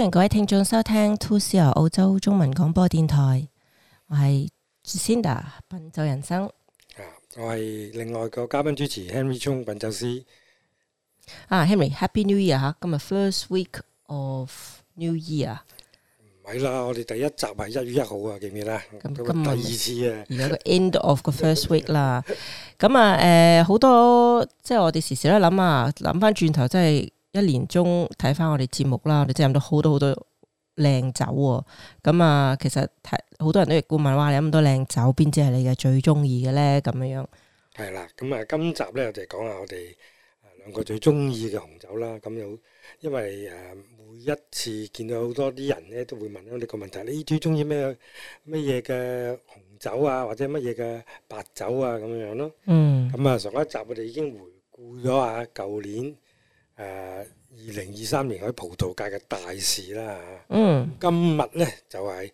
歡迎各位聽眾收聽 2CR 澳洲中文廣播電台，我係 Jacinda 品酒人生，啊、我係另外個嘉賓主持 Henry Chong 品酒師。啊，Henry，Happy New Year 吓、啊，今日 First Week of New Year，唔係啦，我哋第一集係一月一號啊，記唔記，記得？咁今今第二次啊，而家個 End of 個 First Week 啦，咁 啊，誒、呃，好多即係我哋時時都諗啊，諗翻轉頭真係。一年中睇翻我哋節目啦，我哋真係飲到好多好多靚酒喎。咁啊，其實睇好多,多,多人都會問，哇！飲咁多靚酒，邊隻係你嘅最中意嘅咧？咁樣樣。係啦，咁啊，今集咧我哋講下我哋兩個最中意嘅紅酒啦。咁樣，因為誒每一次見到好多啲人咧，都會問我哋個問題：你最中意咩咩嘢嘅紅酒啊，或者乜嘢嘅白酒啊咁樣樣咯。嗯。咁啊，上一集我哋已經回顧咗啊，舊年。誒二零二三年喺葡萄界嘅大事啦嚇，今日呢就係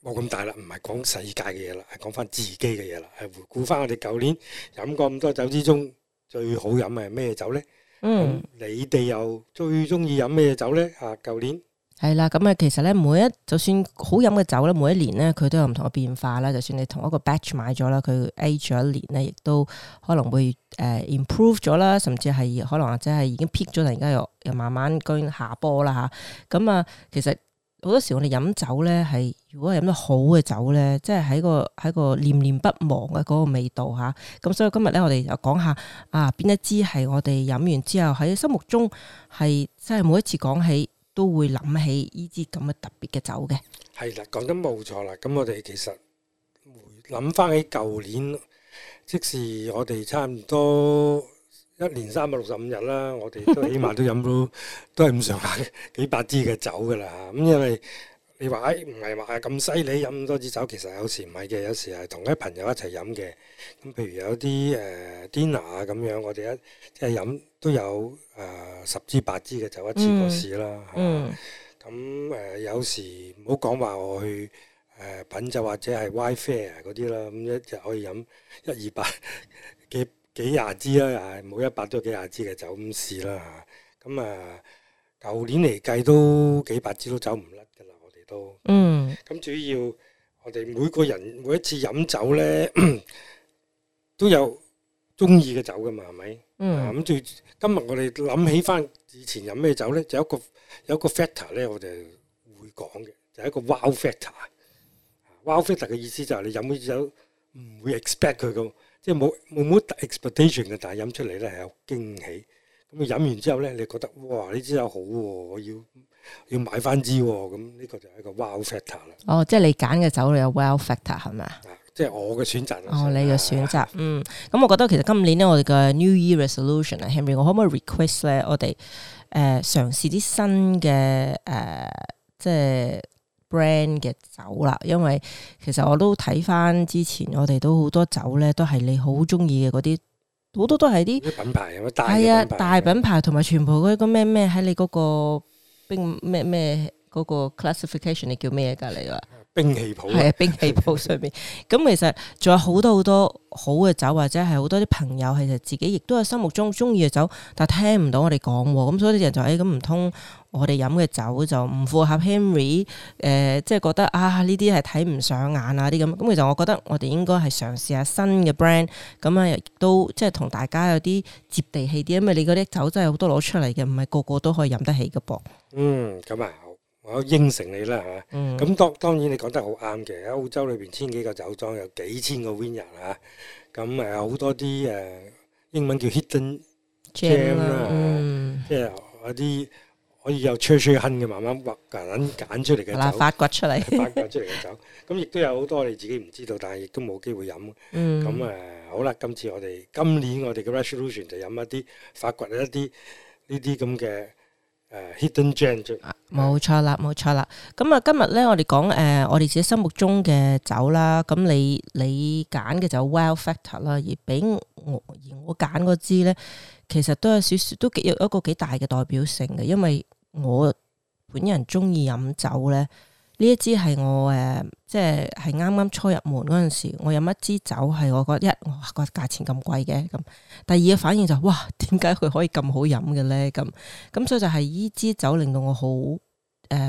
冇咁大啦，唔係講世界嘅嘢啦，係講翻自己嘅嘢啦，係回顧翻我哋舊年飲過咁多酒之中最好飲嘅係咩酒呢？Mm. 你哋又最中意飲咩酒呢？啊，舊年。係啦，咁啊，其實咧，每一就算好飲嘅酒咧，每一年咧，佢都有唔同嘅變化啦。就算你同一個 batch 買咗啦，佢 age 咗一年咧，亦都可能會誒 improve 咗啦，甚至係可能或者係已經 peak 咗，突然間又又慢慢居然下波啦吓。咁啊，其實好多時我哋飲酒咧，係如果係飲到好嘅酒咧，即係喺個喺個念念不忘嘅嗰個味道吓。咁啊，所以今日咧，我哋就講下啊，邊一支係我哋飲完之後喺心目中係真係每一次講起都會諗起呢支咁嘅特別嘅酒嘅。係啦，講得冇錯啦。咁我哋其實諗翻起舊年，即使我哋差唔多一年三百六十五日啦，我哋都起碼都飲到 都係咁上下幾百支嘅酒噶啦吓。咁因為你話唉唔係話咁犀利，飲、哎、咁多支酒，其實有時唔係嘅，有時係同一朋友一齊飲嘅。咁譬如有啲誒、呃、dinner 啊咁樣，我哋一即係飲。都有誒、呃、十支八支嘅酒一次過試啦，咁誒、嗯嗯啊呃、有時唔好講話我去誒、呃、品酒或者係 WiFi 嗰啲啦，咁一就可以飲一二百幾幾廿支啦，又係冇一百都幾廿支嘅酒咁試啦。咁啊，舊年嚟計都幾百支都走唔甩㗎喇，我哋都咁、嗯、主要我哋每個人每一次飲酒呢，都有中意嘅酒㗎嘛，係咪？嗯，咁最、嗯、今日我哋諗起翻以前飲咩酒咧，就有一個有一個 factor 咧，我哋會講嘅，就係、係、一個 wow factor。wow factor 嘅意思就係你飲呢支酒唔會 expect 佢咁，即係冇冇乜 expectation 嘅，但係飲出嚟咧係有驚喜。咁你飲完之後咧，你覺得哇呢支酒好喎、啊，我要我要買翻支喎，咁呢個就係一個 wow factor 啦。哦，即係你揀嘅酒你有 wow factor 係咪？嗯即係我嘅選擇哦，你嘅選擇，嗯，咁我覺得其實今年咧，我哋嘅 New Year Resolution 啊，Henry，我 可唔可以 request 咧？我哋誒、呃、嘗試啲新嘅誒、呃，即係 brand 嘅酒啦。因為其實我都睇翻之前，我哋都好多酒咧，都係你好中意嘅嗰啲，好多都係啲品牌咁係啊，大品牌同埋全部嗰個咩咩喺你嗰、嗰個冰咩咩嗰個 classification 你叫咩㗎？你話？兵器譜係啊，兵器譜上面，咁 其實仲有好多，多好多好嘅酒，或者係好多啲朋友其實自己亦都有心目中中意嘅酒，但係聽唔到我哋講，咁所以啲人就誒，咁唔通我哋飲嘅酒就唔符合 Henry 誒、呃，即係覺得啊呢啲係睇唔上眼啊啲咁，咁其實我覺得我哋應該係嘗試下新嘅 brand，咁啊亦都即係同大家有啲接地氣啲，因為你嗰啲酒真係好多攞出嚟嘅，唔係個個都可以飲得起嘅噃。嗯，咁啊。我應承你啦嚇，咁、啊、當、嗯、當然你講得好啱嘅。喺澳洲裏邊，千幾個酒莊有幾千個 winer n、啊、嚇，咁誒好多啲誒、啊、英文叫 hidden gem 啦、啊，嗯、即係一啲可以有吹吹痕嘅，慢慢挖揀出嚟嘅，嗱發掘出嚟發掘出嚟嘅酒。咁亦都有好多你自己唔知道，但係亦都冇機會飲。咁誒、嗯啊、好啦，今次我哋今年我哋嘅 resolution 就飲一啲發掘一啲呢啲咁嘅。誒、uh,，hidden gem 啊，冇錯啦，冇錯啦。咁、嗯、啊，今日咧，我哋講誒，我哋自己心目中嘅酒啦。咁你你揀嘅就 Wow Factor 啦，而比我而我揀嗰支咧，其實都有少少都幾有一個幾大嘅代表性嘅，因為我本人中意飲酒咧。呢一支係我誒、呃，即係係啱啱初入門嗰陣時，我飲一支酒係我覺得一，哇個價錢咁貴嘅咁。第二個反應就係、哇，點解佢可以咁好飲嘅咧？咁、嗯、咁、嗯、所以就係呢支酒令到我好誒，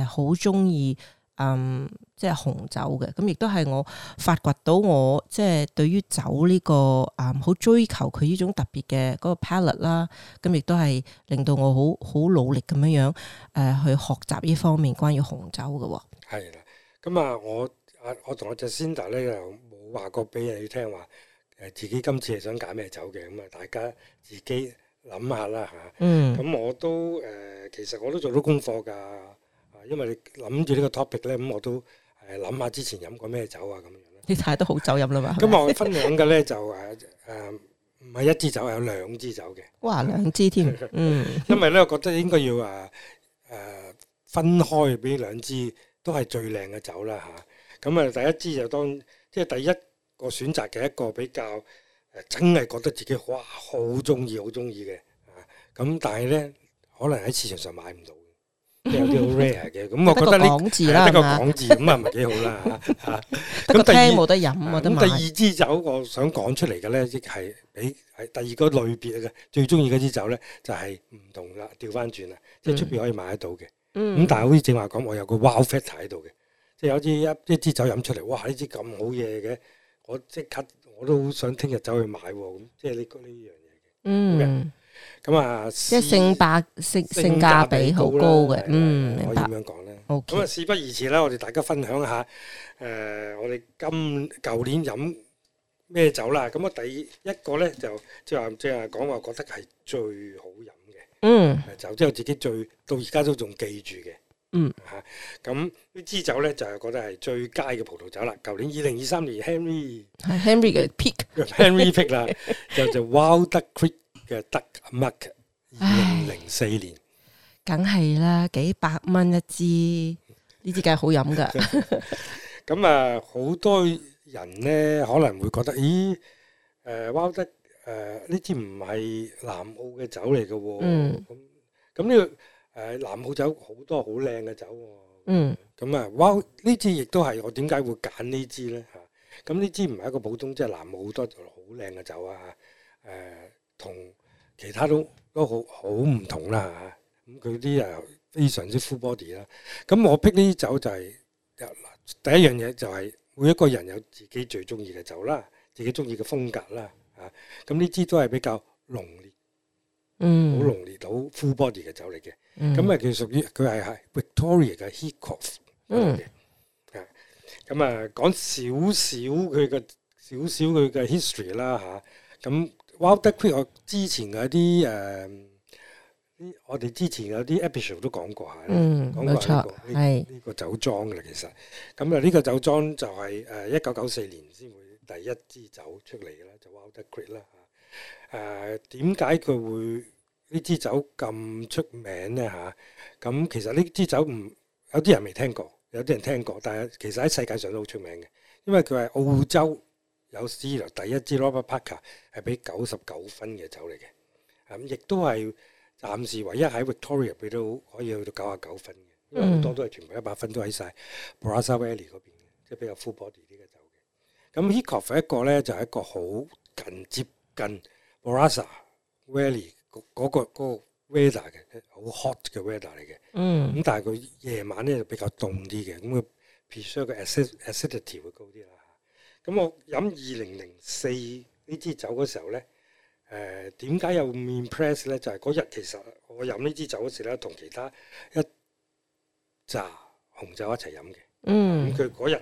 好中意嗯，即係紅酒嘅。咁、嗯、亦都係我發掘到我即係對於酒呢、這個誒，好、嗯、追求佢呢種特別嘅嗰個 palette 啦。咁、嗯、亦都係令到我好好努力咁樣樣誒、呃，去學習呢方面關於紅酒嘅、哦。係啦，咁啊，我啊，我同我 Jacinda 咧又冇話過俾你哋聽話，自己今次係想揀咩酒嘅，咁啊大家自己諗下啦嚇。嗯。咁我都誒，嗯嗯、其實我都做到功課噶，啊，因為諗住呢個 topic 咧，咁我都誒諗下之前過飲過咩酒啊咁樣你睇都好酒飲啦嘛。咁、嗯、 我分享嘅咧就誒誒，唔係一支酒，有兩支酒嘅。哇！兩支添。嗯。 因為咧，我覺得應該要誒誒分開俾兩支。都係最靚嘅酒啦吓，咁啊第一支就當即係第一個選擇嘅一個比較，真係覺得自己哇好中意，好中意嘅，咁但係呢可能喺市場上買唔到，有啲好 rare 嘅，咁我覺得呢係一個港字，咁啊唔係幾好啦吓。個聽冇得飲啊，咁第二支酒我想講出嚟嘅呢，係誒係第二個類別嘅最中意嗰支酒呢，就係唔同啦，調返轉啦，即係出邊可以買得到嘅。咁、嗯、但係好似正話講，我有個 Wow Factor 喺度嘅，即係有啲一一支酒飲出嚟，哇呢支咁好嘢嘅，我即刻我都好想聽日走去買，咁即係呢呢樣嘢嘅。嗯，咁啊，即係性價比性價比好高嘅，的嗯，可以咁樣講啦。咁啊，事不宜遲啦，我哋大家分享下，誒、呃，我哋今舊年飲咩酒啦？咁啊，第一個咧就即係話即係講我覺得係最好飲。嗯，酒之後自己最到而家都仲記住嘅，嗯吓咁呢支酒咧就係覺得係最佳嘅葡萄酒啦。舊年二零二三年 Henry，Henry 嘅 Pick，Henry Pick 啦，就就 Wild Creek 嘅 Duck Muck 二零零四年，梗係啦，幾百蚊一支，呢支梗係好飲噶。咁啊，好多人咧可能會覺得，咦，誒，Wild 誒呢支唔係南澳嘅酒嚟嘅喎，咁咁呢個誒南澳酒好多好靚嘅酒喎、哦，咁、嗯、啊，哇！呢支亦都係我點解會揀呢支咧嚇？咁呢支唔係一個普通，即係南澳好多好靚嘅酒啊，誒、啊、同其他都都好好唔同啦、啊、嚇。咁佢啲啊非常之 full body 啦。咁、啊嗯、我 pick 呢啲酒就係、是啊、第一樣嘢就係、是、每一個人有自己最中意嘅酒啦，自己中意嘅風格啦。啊，咁呢支都係比較濃烈，嗯，好濃烈，到 full body 嘅酒嚟嘅。咁啊，佢屬於佢係 Victoria 嘅 Heathcote 嚟嘅。咁啊，講少少佢嘅少少佢嘅 history 啦嚇。咁 Wild Duck Creek 我之前有啲誒，我哋之前有啲 episode 都講過嚇，嗯，冇錯，呢個酒莊㗎喇，其實。咁啊，呢個酒莊就係誒一九九四年先。第一支酒出嚟啦，就 Wild Duck Creek 啦嚇。誒點解佢會呢支酒咁出名呢嚇？咁其實呢支酒唔有啲人未聽過，有啲人聽過，但係其實喺世界上都好出名嘅。因為佢係澳洲有史以來第一支 Robert Parker 係俾九十九分嘅酒嚟嘅。咁亦都係暫時唯一喺 Victoria 俾到可以去到九啊九分嘅。因為好多都係全部一百分都喺晒 Barossa Valley 嗰邊嘅，即係比較 full body。咁 Hicoff 一個咧就係、是、一個好近接近 Barossa Valley 嗰、那、嗰、個那個那個 weather 嘅，好 hot 嘅 weather 嚟嘅。嗯。咁但係佢夜晚咧就比較凍啲嘅，咁佢必須個 acid acidity 會高啲啦。咁、啊、我飲2004呢支酒嗰時候咧，誒點解有 impress 咧？就係嗰日其實我飲呢支酒嗰時咧，同其他一紮紅酒一齊飲嘅。嗯。咁佢嗰日。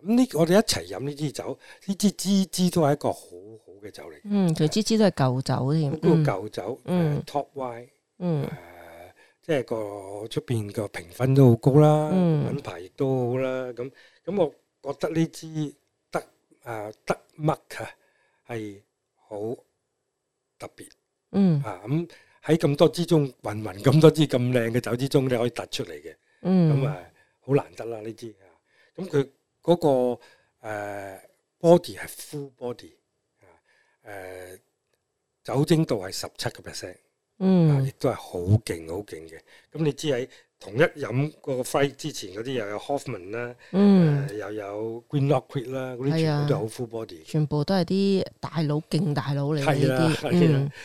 咁呢？我哋一齊飲呢支酒，呢支支支都係一個好好嘅酒嚟。嗯，佢支支都係舊酒添。嗰個舊酒，誒，Top Y，誒，即係個出邊個評分都好高啦，品牌亦都好啦。咁咁，我覺得呢支 De 誒 De Mark 啊，係好特別。嗯。啊，咁喺咁多支中混混咁多支咁靚嘅酒之中咧，你可以突出嚟嘅。嗯。咁啊，好難得啦呢支。咁佢。嗰、那個 body 係 full body 啊，誒酒精度係十七個 percent，嗯、啊，亦都係好勁好勁嘅。咁你知喺同一飲個 fight 之前嗰啲又有 Hoffman 啦，嗯，又有 Greenock Creek 啦、啊，嗰啲全，全部都係 full body，全部都係啲大佬勁大佬嚟嘅啲。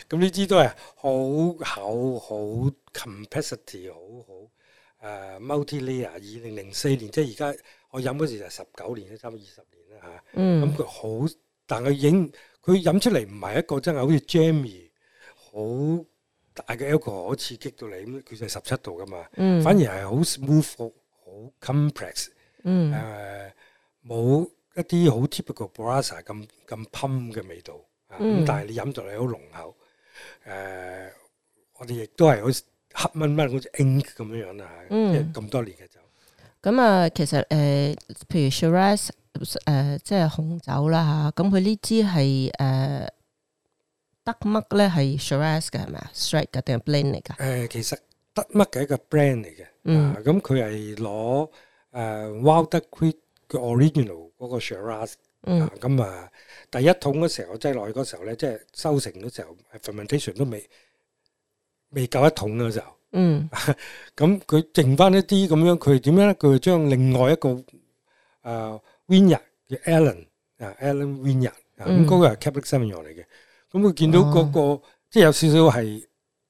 咁呢啲都係好厚好 complexity，好好誒 multi-layer。二零零四年、嗯、即係而家。我飲嗰時就十九年啦，差唔多二十年啦嚇。咁佢好，但係佢影佢飲出嚟唔係一個真係好似 jammy 好大嘅 alcohol，好刺激到你咁。佢就係十七度㗎嘛，嗯、反而係好 smooth 好 complex，誒冇、嗯呃、一啲好 typical Barossa 咁咁 p 嘅、um、味道。咁、啊嗯、但係你飲到係好濃厚。誒、呃，我哋亦都係好似黑蚊蚊，好似 ink 咁樣樣啦、啊嗯、即係咁多年嘅。咁啊，其實誒，譬如 Shiraz 誒，即係紅酒啦嚇。咁佢呢支係誒，德麥咧係 Shiraz 嘅係咪啊？Straight 嘅定係 Blend 嚟㗎？誒，其實德麥嘅一個 Brand 嚟嘅。嗯。咁佢係攞誒 Wilder Creek 嘅 original 嗰個 Shiraz。嗯。咁啊，第一桶嗰時候我擠落去嗰時候咧，即係收成嗰時候，fermentation 都未未夠一桶嗰時候。嗯，咁佢剩翻一啲咁樣，佢點樣咧？佢將另外一個誒 winner 叫 Alan 啊，Alan winner，咁嗰個係 Captain Samuel 嚟嘅。咁佢見到嗰個即係有少少係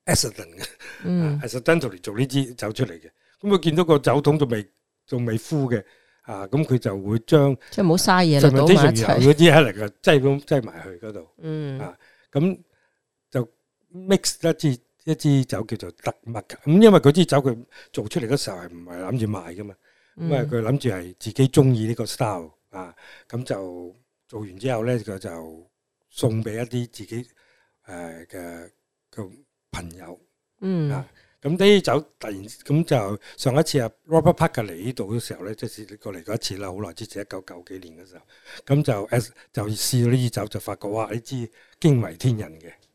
accident 嘅，accidentally 做呢支走出嚟嘅。咁佢見到個酒桶仲未仲未敷嘅，啊，咁佢就會將即係唔好嘥嘢，就唔知仲油咗啲乜嚟嘅，擠咁擠埋去嗰度。嗯，啊，咁就 mix 一支。一支酒叫做特麥，咁因為佢支酒佢做出嚟嘅時候係唔係諗住賣嘅嘛，咁啊佢諗住係自己中意呢個 style 啊，咁就做完之後咧佢就送俾一啲自己誒嘅嘅朋友，嗯、啊咁呢啲酒突然咁就上一次阿 Robert Parker 嚟呢度嘅時候咧，即係試過嚟過一次啦，好耐之前一九九幾年嘅時候，咁就就試咗呢支酒就發覺哇，呢支驚為天人嘅。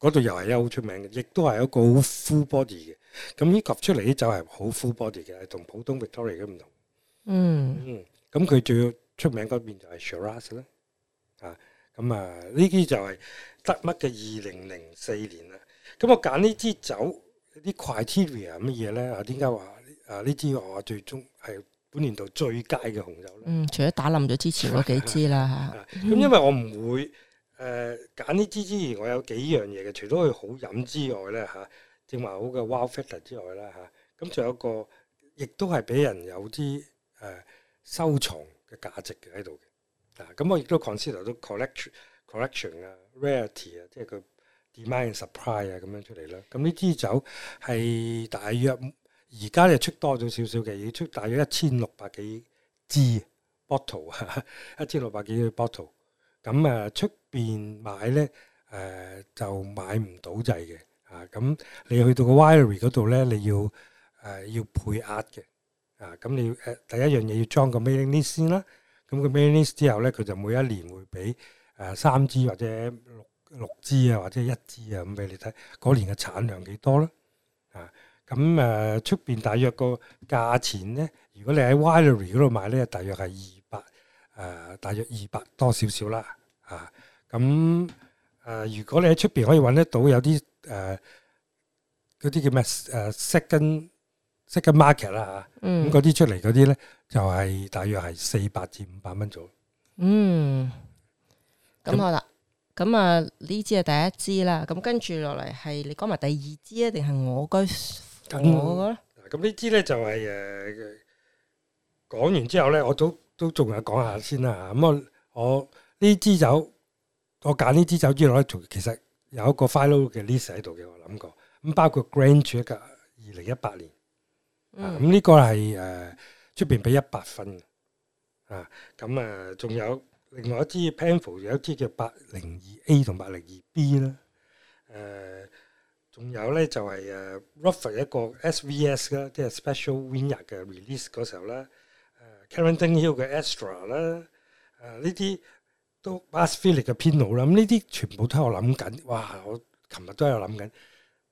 嗰度又係有好出名嘅，亦都係一個好 full body 嘅。咁呢嚿出嚟啲酒係好 full body 嘅，同普通 Victoria 嘅唔同。嗯，咁佢、嗯嗯嗯、最出名嗰邊就係 Shiraz、啊、啦、嗯。啊，咁啊，呢啲就係得乜嘅二零零四年啦。咁我揀呢支酒啲 Criteria 係乜嘢咧？啊，點解話啊呢支我最中係本年度最佳嘅紅酒咧？嗯，除咗打冧咗之前嗰幾支啦嚇。咁、嗯、因為我唔會。誒揀呢支之前，我有幾樣嘢嘅，除咗佢好飲之外咧，嚇正話好嘅 wow factor 之外啦，嚇咁仲有一個亦都係俾人有啲誒收藏嘅價值嘅喺度嘅。嗱、啊，咁我亦都 consider 到 collection、collection 啊、rarity 啊，即係個 demand、supply 啊咁樣出嚟啦。咁呢支酒係大約而家又出多咗少少嘅，要出大約一千六百幾支 bottle，一千六百幾嘅 bottle。咁啊出邊買咧？誒、呃、就買唔到制嘅啊！咁你去到個 winery 嗰度咧，你要誒、呃、要配額嘅啊！咁你要誒、啊、第一樣嘢要裝個 mailing list 先啦。咁、那個 mailing list 之後咧，佢就每一年會俾誒三支或者六支啊，或者一支啊咁俾你睇嗰年嘅產量幾多啦啊！咁誒出邊大約個價錢咧？如果你喺 winery 嗰度買咧，大約係二百誒，大約二百多少少啦啊！咁誒、呃，如果你喺出邊可以揾得到有啲誒嗰啲叫咩誒 second second market 啦、啊，咁嗰啲出嚟嗰啲咧，就係大約係四百至五百蚊左右。嗯，咁好啦，咁啊呢支係第一支啦，咁跟住落嚟係你講埋第二支啊，定係我該近我嗰個咧？嗱，咁呢支咧就係誒講完之後咧，我都都仲有講下先啦嚇。咁、啊、我我呢支酒。我揀呢支酒之內咧，其實有一個 final 嘅 list 喺度嘅。我諗過，咁包括 Grange 嘅二零一八年，咁呢個係誒出邊俾一百分嘅。啊，咁啊，仲有另外一支 Penfolds，有一支叫八零二 A 同八零二 B 啦。誒，仲有咧就係誒 Rufford 一個 SVS 啦，即係 Special Winner 嘅 release 嗰時候咧。誒，Clarendon Hills 嘅 Astralis 啦，誒呢啲。都巴斯菲力嘅編好啦，咁呢啲全部都喺我諗緊，哇！我琴日都喺度諗緊，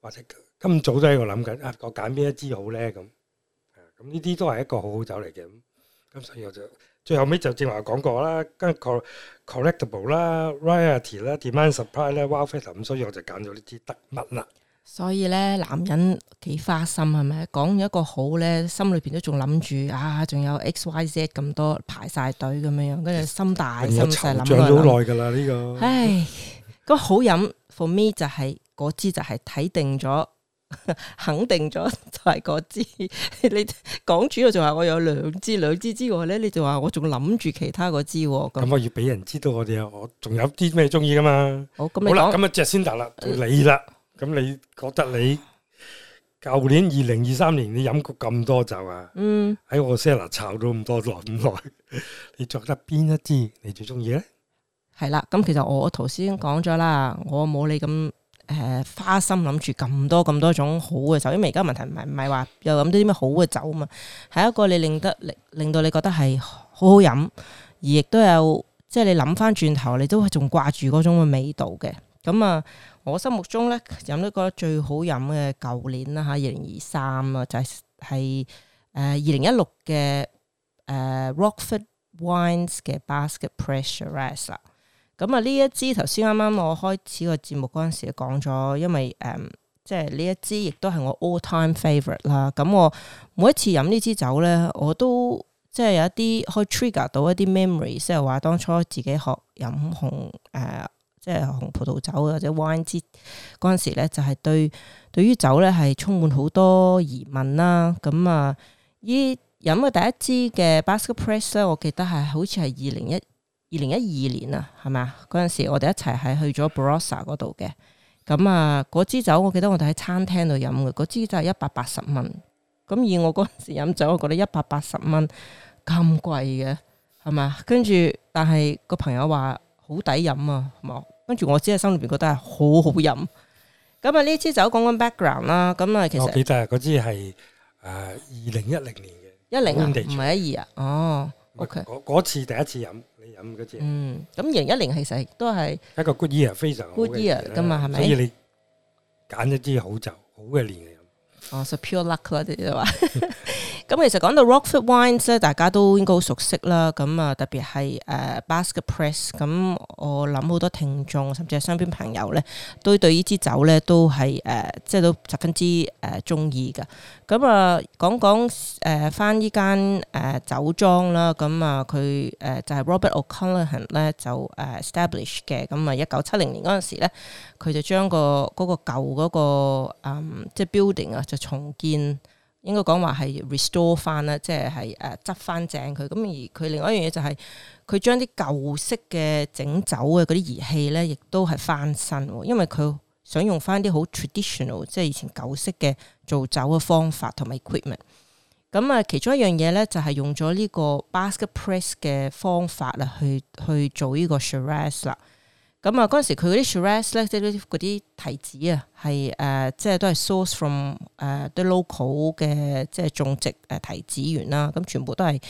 或者今早都喺度諗緊啊，我揀邊一支好咧咁。啊，咁呢啲都係一個好好酒嚟嘅咁，咁所以我就最後尾就正話講過啦，跟 collectable 啦 rarity 啦，demand-supply 咧，Wow Factor，咁所以我就揀咗呢支得乜啦。所以咧，男人幾花心係咪？講咗一個好咧，心裏邊都仲諗住啊，仲有 X、Y、Z 咁多排晒隊咁樣樣，跟住心大、嗯、心大諗咗好耐噶啦呢個。唉，個 好飲 for me 就係嗰支就係睇定咗，肯定咗就係嗰支。你講主要就係我有兩支兩支之外咧，你就話我仲諗住其他嗰支咁。咁我要俾人知道我哋我仲有啲咩中意噶嘛？好咁，好咁啊，Jacinda 先得啦，你啦。咁你覺得你舊年二零二三年你飲過咁多酒啊？嗯，喺我 cellar 炒咗咁多耐咁耐， 你着得邊一支你最中意咧？係啦，咁、嗯、其實我頭先講咗啦，我冇你咁誒花心諗住咁多咁多種好嘅酒，因為而家問題唔係唔係話又飲到啲咩好嘅酒啊嘛，係一個你令得令到你覺得係好好飲，而亦都有即係、就是、你諗翻轉頭，你都仲掛住嗰種嘅味道嘅，咁啊。我心目中咧飲都覺得最好飲嘅舊年啦嚇，二零二三啦，2023, 就係係誒二零一六嘅誒 Rockford Wines 嘅 Basket Press Shiraz。咁啊呢一支頭先啱啱我開始個節目嗰陣時講咗，因為誒、嗯、即係呢一支亦都係我 All Time Favorite 啦。咁、啊、我每一次飲呢支酒咧，我都即係有一啲可以 trigger 到一啲 memory，即係話當初自己學飲紅誒。呃即係紅葡萄酒或者 wine 之嗰陣時咧，就係、是、對對於酒咧係充滿好多疑問啦。咁啊，依、嗯呃、飲嘅第一支嘅 Basket Press 咧，我記得係好似係二零一二零一二年啊，係咪啊？嗰陣時我哋一齊係去咗 Barossa 嗰度嘅。咁、嗯、啊，嗰、呃、支酒我記得我哋喺餐廳度飲嘅，嗰支就係一百八十蚊。咁以我嗰陣時飲酒，我覺得一百八十蚊咁貴嘅，係咪？跟住，但係個朋友話好抵飲啊，係咪？跟住我只係心入邊覺得係好好飲，咁啊呢支酒講緊 background 啦，咁啊其實我記得啊嗰支係誒二零一零年嘅一零啊唔係一二啊哦，OK 嗰嗰次第一次飲你飲嗰支嗯咁二零一零其實都係一個 good year 非常 good year 噶嘛係咪？所以你揀一支好酒好嘅年。哦，係、oh, so、pure luck 咯，即係話。咁其實講到 Rockford Wines 咧，大家都應該好熟悉啦。咁啊，特別係誒 Basket Press，咁我諗好多聽眾甚至係身邊朋友咧，都對呢支酒咧都係誒、呃，即係都十分之誒中意噶。咁啊、嗯，講講誒，翻、呃、呢間誒、呃、酒莊啦。咁、呃、啊，佢誒就係、是、Robert O'Connor 咧，呃嗯、就誒 establish 嘅。咁、嗯、啊，一九七零年嗰陣時咧，佢就將個嗰個舊嗰個即係 building 啊，就重建。應該講話係 restore 翻啦，即係係誒執翻正佢。咁而佢另外一樣嘢就係、是，佢將啲舊式嘅整酒嘅嗰啲儀器咧，亦都係翻新。因為佢想用翻啲好 traditional，即係以前舊式嘅。做酒嘅方法同埋 equipment，咁啊，其中一樣嘢咧就係、是、用咗呢個 basket press 嘅方法啦，去去做呢個 shiraz 啦。咁啊，嗰陣時佢嗰啲 shiraz 咧，即係嗰啲提子啊，係誒，即係都係 source from 誒啲 local 嘅即係種植誒提子園啦。咁全部都係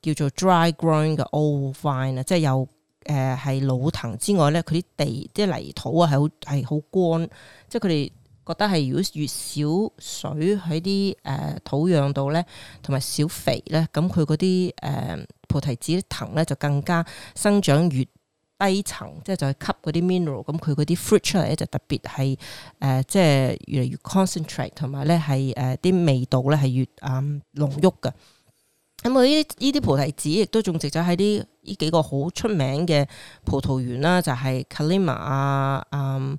叫做 dry grown 嘅 old vine 啊，即係有誒係老藤之外咧，佢啲地即係泥土啊，係好係好乾，即係佢哋，覺得係如果越少水喺啲誒土壤度咧，同埋少肥咧，咁佢嗰啲誒菩提子藤咧就更加生長越低層，即係就係吸嗰啲 mineral，咁佢嗰啲 fruit 出嚟咧就特別係誒、呃，即係越嚟越 concentrate，同埋咧係誒啲味道咧係越嗯、呃、濃郁㗎。咁佢呢啲呢啲菩提子亦都種植咗喺啲呢幾個好出名嘅葡萄園啦，就係、是、Calima 啊、呃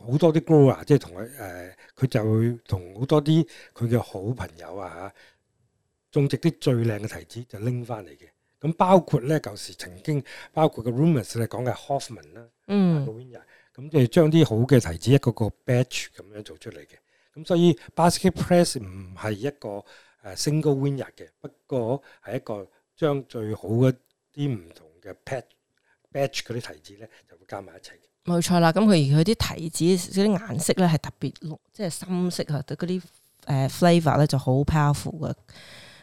好多啲 grower 即係同佢誒佢就會同好多啲佢嘅好朋友啊嚇，種植啲最靚嘅提子就拎翻嚟嘅。咁包括咧，舊時曾經包括個 rumors 咧講嘅 Hoffman 啦，嗯，嗯，個 winner 咁即係將啲好嘅提子一個一個個 batch 咁樣做出嚟嘅。咁所以 basket press 唔係一個誒 single winner 嘅，不過係一個將最好嘅啲唔同嘅 patch batch 嗰啲提子咧就會加埋一齊。冇錯啦，咁佢而佢啲提子嗰啲顏色咧係特別綠，即係深色啊！對嗰啲誒 flavour 咧就好 powerful 嘅。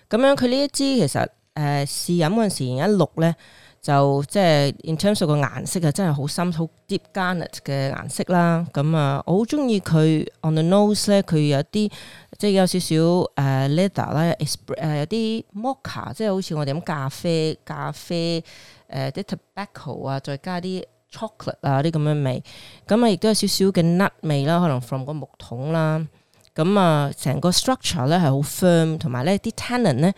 咁樣佢呢一支其實誒、呃、試飲嗰陣時一落咧，就即係 in terms 嘅顏色啊，真係好深，好 deep garnet 嘅顏色啦。咁啊，我好中意佢 on the nose 咧，佢有啲即係有少少誒、呃、leather 啦，誒有啲 mocha，即係好似我哋飲咖啡咖啡誒啲、呃、tobacco 啊，再加啲，巧克力啊啲咁樣味，咁啊亦都有少少嘅 nut 味啦，可能 from 個木桶啦，咁啊成個 structure 咧係好 firm，同埋咧啲 tannin 咧，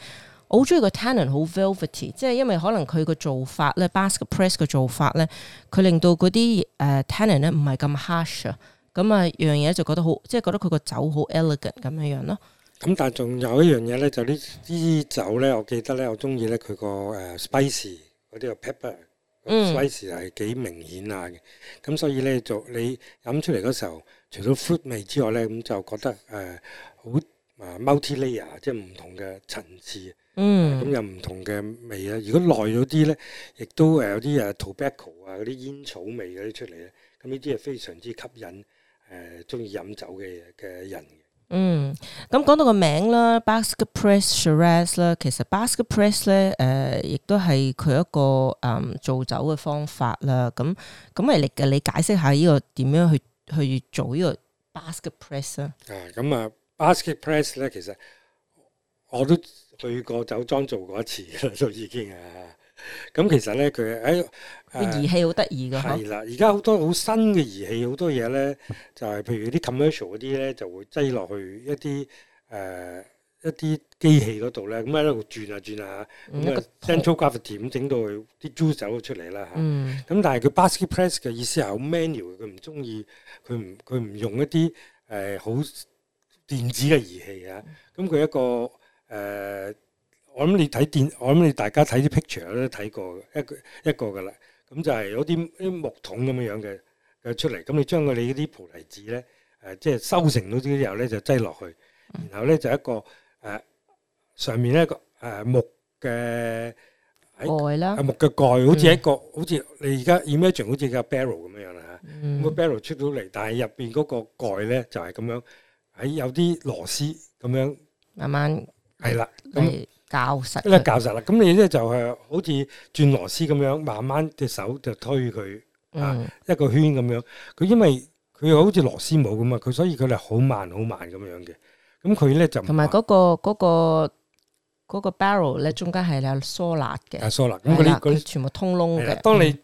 我好中意個 tannin 好 velvety，即係因為可能佢個做法咧，basket press 嘅做法咧，佢令到嗰啲誒 tannin 咧唔係咁 harsh，啊。咁啊樣嘢就覺得好，即係覺得佢個酒好 elegant 咁樣樣咯。咁但係仲有一樣嘢咧，就呢啲酒咧，我記得咧，我中意咧佢個誒 spicy 嗰啲個 pepper 嗰個 Shiraz 係幾明顯啊！咁所以咧就你飲出嚟嗰時候，除咗 fruit 味之外咧，咁就覺得誒好、呃、啊 multi-layer，即係唔同嘅層次。嗯、呃，咁有唔同嘅味啊！如果耐咗啲咧，亦都誒有啲誒 tobacco 啊，嗰啲煙草味嗰啲出嚟咧，咁呢啲係非常之吸引誒中意飲酒嘅嘅人的。嗯，咁講到個名啦、啊，basket press Shiraz 啦，其實 basket press 咧、呃，誒，亦都係佢一個嗯做酒嘅方法啦。咁咁係嚟嘅，你解釋下呢、這個點樣去去做呢個 basket press 啊、嗯？啊，咁啊，basket press 咧，其實我都去過酒莊做過一次啦，都已經啊。咁其實咧，佢喺儀器好得意噶，係啦。而家好多好新嘅儀器，好多嘢咧，就係、是、譬如啲 commercial 嗰啲咧，就會擠落去一啲誒、呃、一啲機器嗰度咧，咁喺度轉啊轉啊，咁啊 central gravity 咁整到去啲 juice 走咗出嚟啦吓。咁但係佢 basket press 嘅意思係好 manual，佢唔中意佢唔佢唔用一啲誒好電子嘅儀器啊。咁佢一個誒。呃我諗你睇電，我諗你大家睇啲 picture 都睇過一個一個㗎啦。咁就係有啲啲木桶咁樣樣嘅嘅出嚟。咁你將佢你啲菩提子咧，誒、呃、即係收成咗啲之後咧，就擠落去。然後咧就一個誒、呃、上面一個誒、呃、木嘅、哎、蓋啦。木嘅蓋好似一個，嗯、好似你而家 imagine 好似個 barrel 咁樣樣啦嚇。嗯、個 barrel 出到嚟，但係入邊嗰個蓋咧就係、是、咁樣喺有啲螺絲咁樣慢慢係啦。咁教實，咁咧教實啦。咁你咧就係好似轉螺絲咁樣，慢慢隻手就推佢，啊一個圈咁樣。佢因為佢又好似螺絲帽咁啊，佢所以佢係好慢好慢咁樣嘅。咁佢咧就同埋嗰個嗰個嗰個 barrel 咧，中間係有疏蠟嘅，疏蠟。咁嗰啲佢全部通窿嘅。當你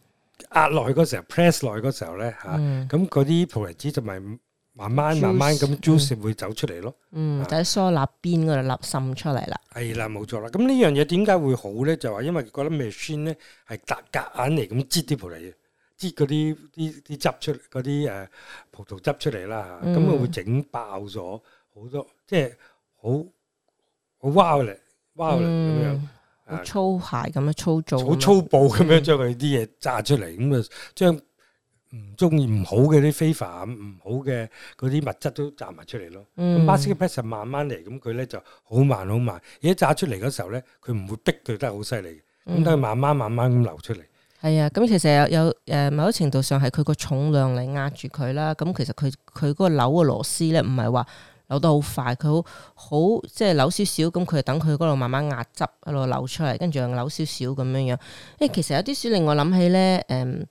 壓落去嗰時候，press 落去嗰時候咧吓，咁嗰啲葡原子同埋。慢慢慢慢咁 juice 會走出嚟咯，嗯，就喺梳肋邊嗰度立滲出嚟啦。係啦、嗯，冇錯啦。咁呢樣嘢點解會好咧？就話、是、因為覺得咩酸咧係隔隔硬嚟咁擠啲出嚟，擠嗰啲啲啲汁出，嗰啲誒葡萄汁出嚟啦。咁佢、嗯、會整爆咗好多，即係好好 violent violent 咁樣，好粗鞋咁樣粗糙，好粗暴咁樣將佢啲嘢榨出嚟，咁啊將。唔中意唔好嘅啲非法唔好嘅嗰啲物質都炸埋出嚟咯。巴西嘅 pet 是慢慢嚟，咁佢咧就好慢好慢。而一炸出嚟嗰時候咧，佢唔會逼佢得好犀利，咁等佢慢慢慢慢咁流出嚟。係啊，咁、嗯、其實有有誒、呃、某程度上係佢個重量嚟壓住佢啦。咁、嗯、其實佢佢嗰個扭嘅螺絲咧，唔係話扭得好快，佢好好即係扭少少，咁佢等佢嗰度慢慢壓汁喺度扭出嚟，跟住又扭少少咁樣樣。誒、嗯，其實有啲事令我諗起咧，誒、嗯。嗯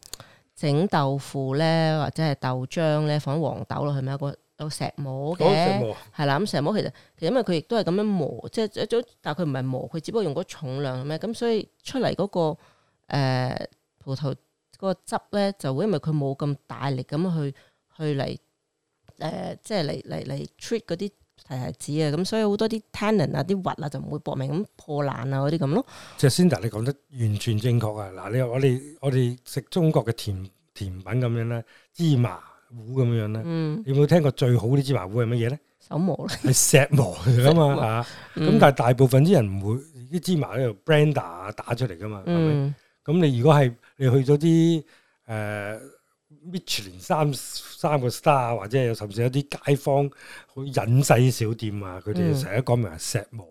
整豆腐咧，或者係豆漿咧，放啲黃豆落去咪有個有個石磨嘅。係啦、嗯。咁石，石磨其實其實因為佢亦都係咁樣磨，即係一種，但係佢唔係磨，佢只不過用嗰重量咩。咁所以出嚟嗰、那個、呃、葡萄嗰個汁咧，就會因為佢冇咁大力咁去去嚟誒、呃，即係嚟嚟嚟 treat 嗰啲。係係指啊，咁所以好多啲 tenant 啊、啲核啊，就唔會搏命咁破爛啊嗰啲咁咯。即係 Cinda 你講得完全正確啊！嗱，你我哋我哋食中國嘅甜甜品咁樣咧，芝麻糊咁樣咧，嗯，有冇聽過最好啲芝麻糊係乜嘢咧？手磨咧，係石磨嚟㗎嘛嚇。咁但係大部分啲人唔會啲芝麻喺度 blender 打出嚟㗎嘛。嗯。咁、嗯、你如果係你去咗啲誒。呃搣全三三個 star，或者係有甚至有啲街坊好隱世小店啊，佢哋成日講明係石磨，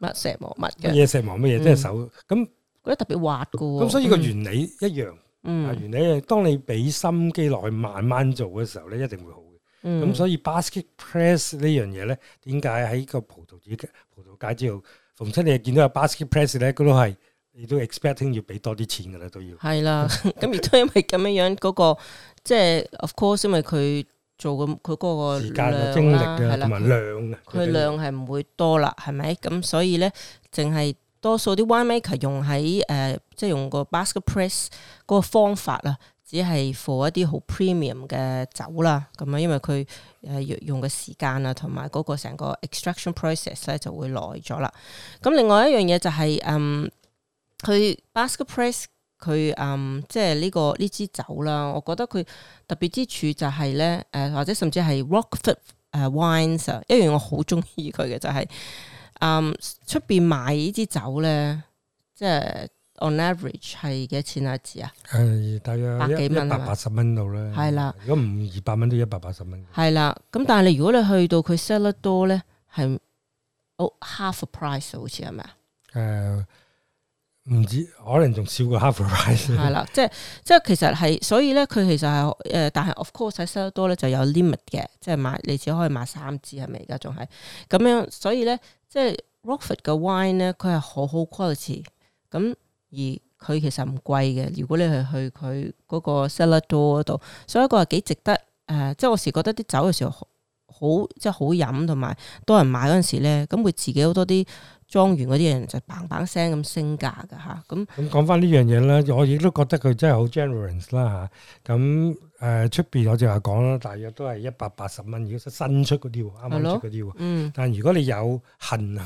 乜石磨乜嘢石磨乜嘢即係手咁，覺得特別滑㗎喎。咁所以個原理一樣，嗯、原理係當你俾心機落去慢慢做嘅時候咧，一定會好嘅。咁、嗯、所以 basket press 呢樣嘢咧，點解喺個葡萄枝葡萄街之後，逢親你係見到有 basket press 咧，佢都係？亦都 expecting 要俾多啲錢噶啦，都要係啦。咁亦都因為咁樣樣嗰個，即係 of course，因為佢做嘅佢嗰個時間、精力同埋量佢量係唔會多啦，係咪？咁所以咧，淨係多數啲 winemaker 用喺誒，即係用個 basket press 嗰個方法啦，只係 for 一啲好 premium 嘅酒啦。咁啊，因為佢誒用嘅時間啊，同埋嗰個成個 extraction process 咧就會耐咗啦。咁另外一樣嘢就係、是、嗯。呃佢 Basket Press 佢，嗯即係呢、呢個呢支酒啦，我覺得佢特別之處就係咧誒或者甚至係 Rockford 誒 Wines 啊，一樣我好中意佢嘅就係嗯出邊買呢支酒咧，即係 on average 係幾錢一支啊？係大約百幾蚊，百八十蚊到啦。係啦，如果唔二百蚊都一百八十蚊。係啦，咁但係你如果你去到佢 sell 得多咧，係哦 half a price 好似係咪啊？誒、嗯。唔知，可能仲少過個 half price。係啦 ，即係即係其實係，所以咧佢、就是、其實係誒，但係 of course 喺 sell 多咧就有 limit 嘅，即係買你只可以買三支係咪？而家仲係咁樣，所以咧即係 r o c k f o r d 嘅 wine 咧，佢係好好 quality。咁而佢其實唔貴嘅。如果你係去佢嗰個 sell r 多嗰度，所以一個係幾值得誒。即、呃、係、就是、我時覺得啲酒嘅時候好，好即係好飲，同埋多人買嗰陣時咧，咁佢自己好多啲。莊園嗰啲人就砰砰聲咁升價噶嚇，咁咁講翻呢樣嘢啦，我亦都覺得佢真係好 generous 啦、啊、嚇，咁誒出邊我正話講啦，大約都係一百八十蚊，如果新出嗰啲，啱啱出嗰啲，嗯、但係如果你有恨，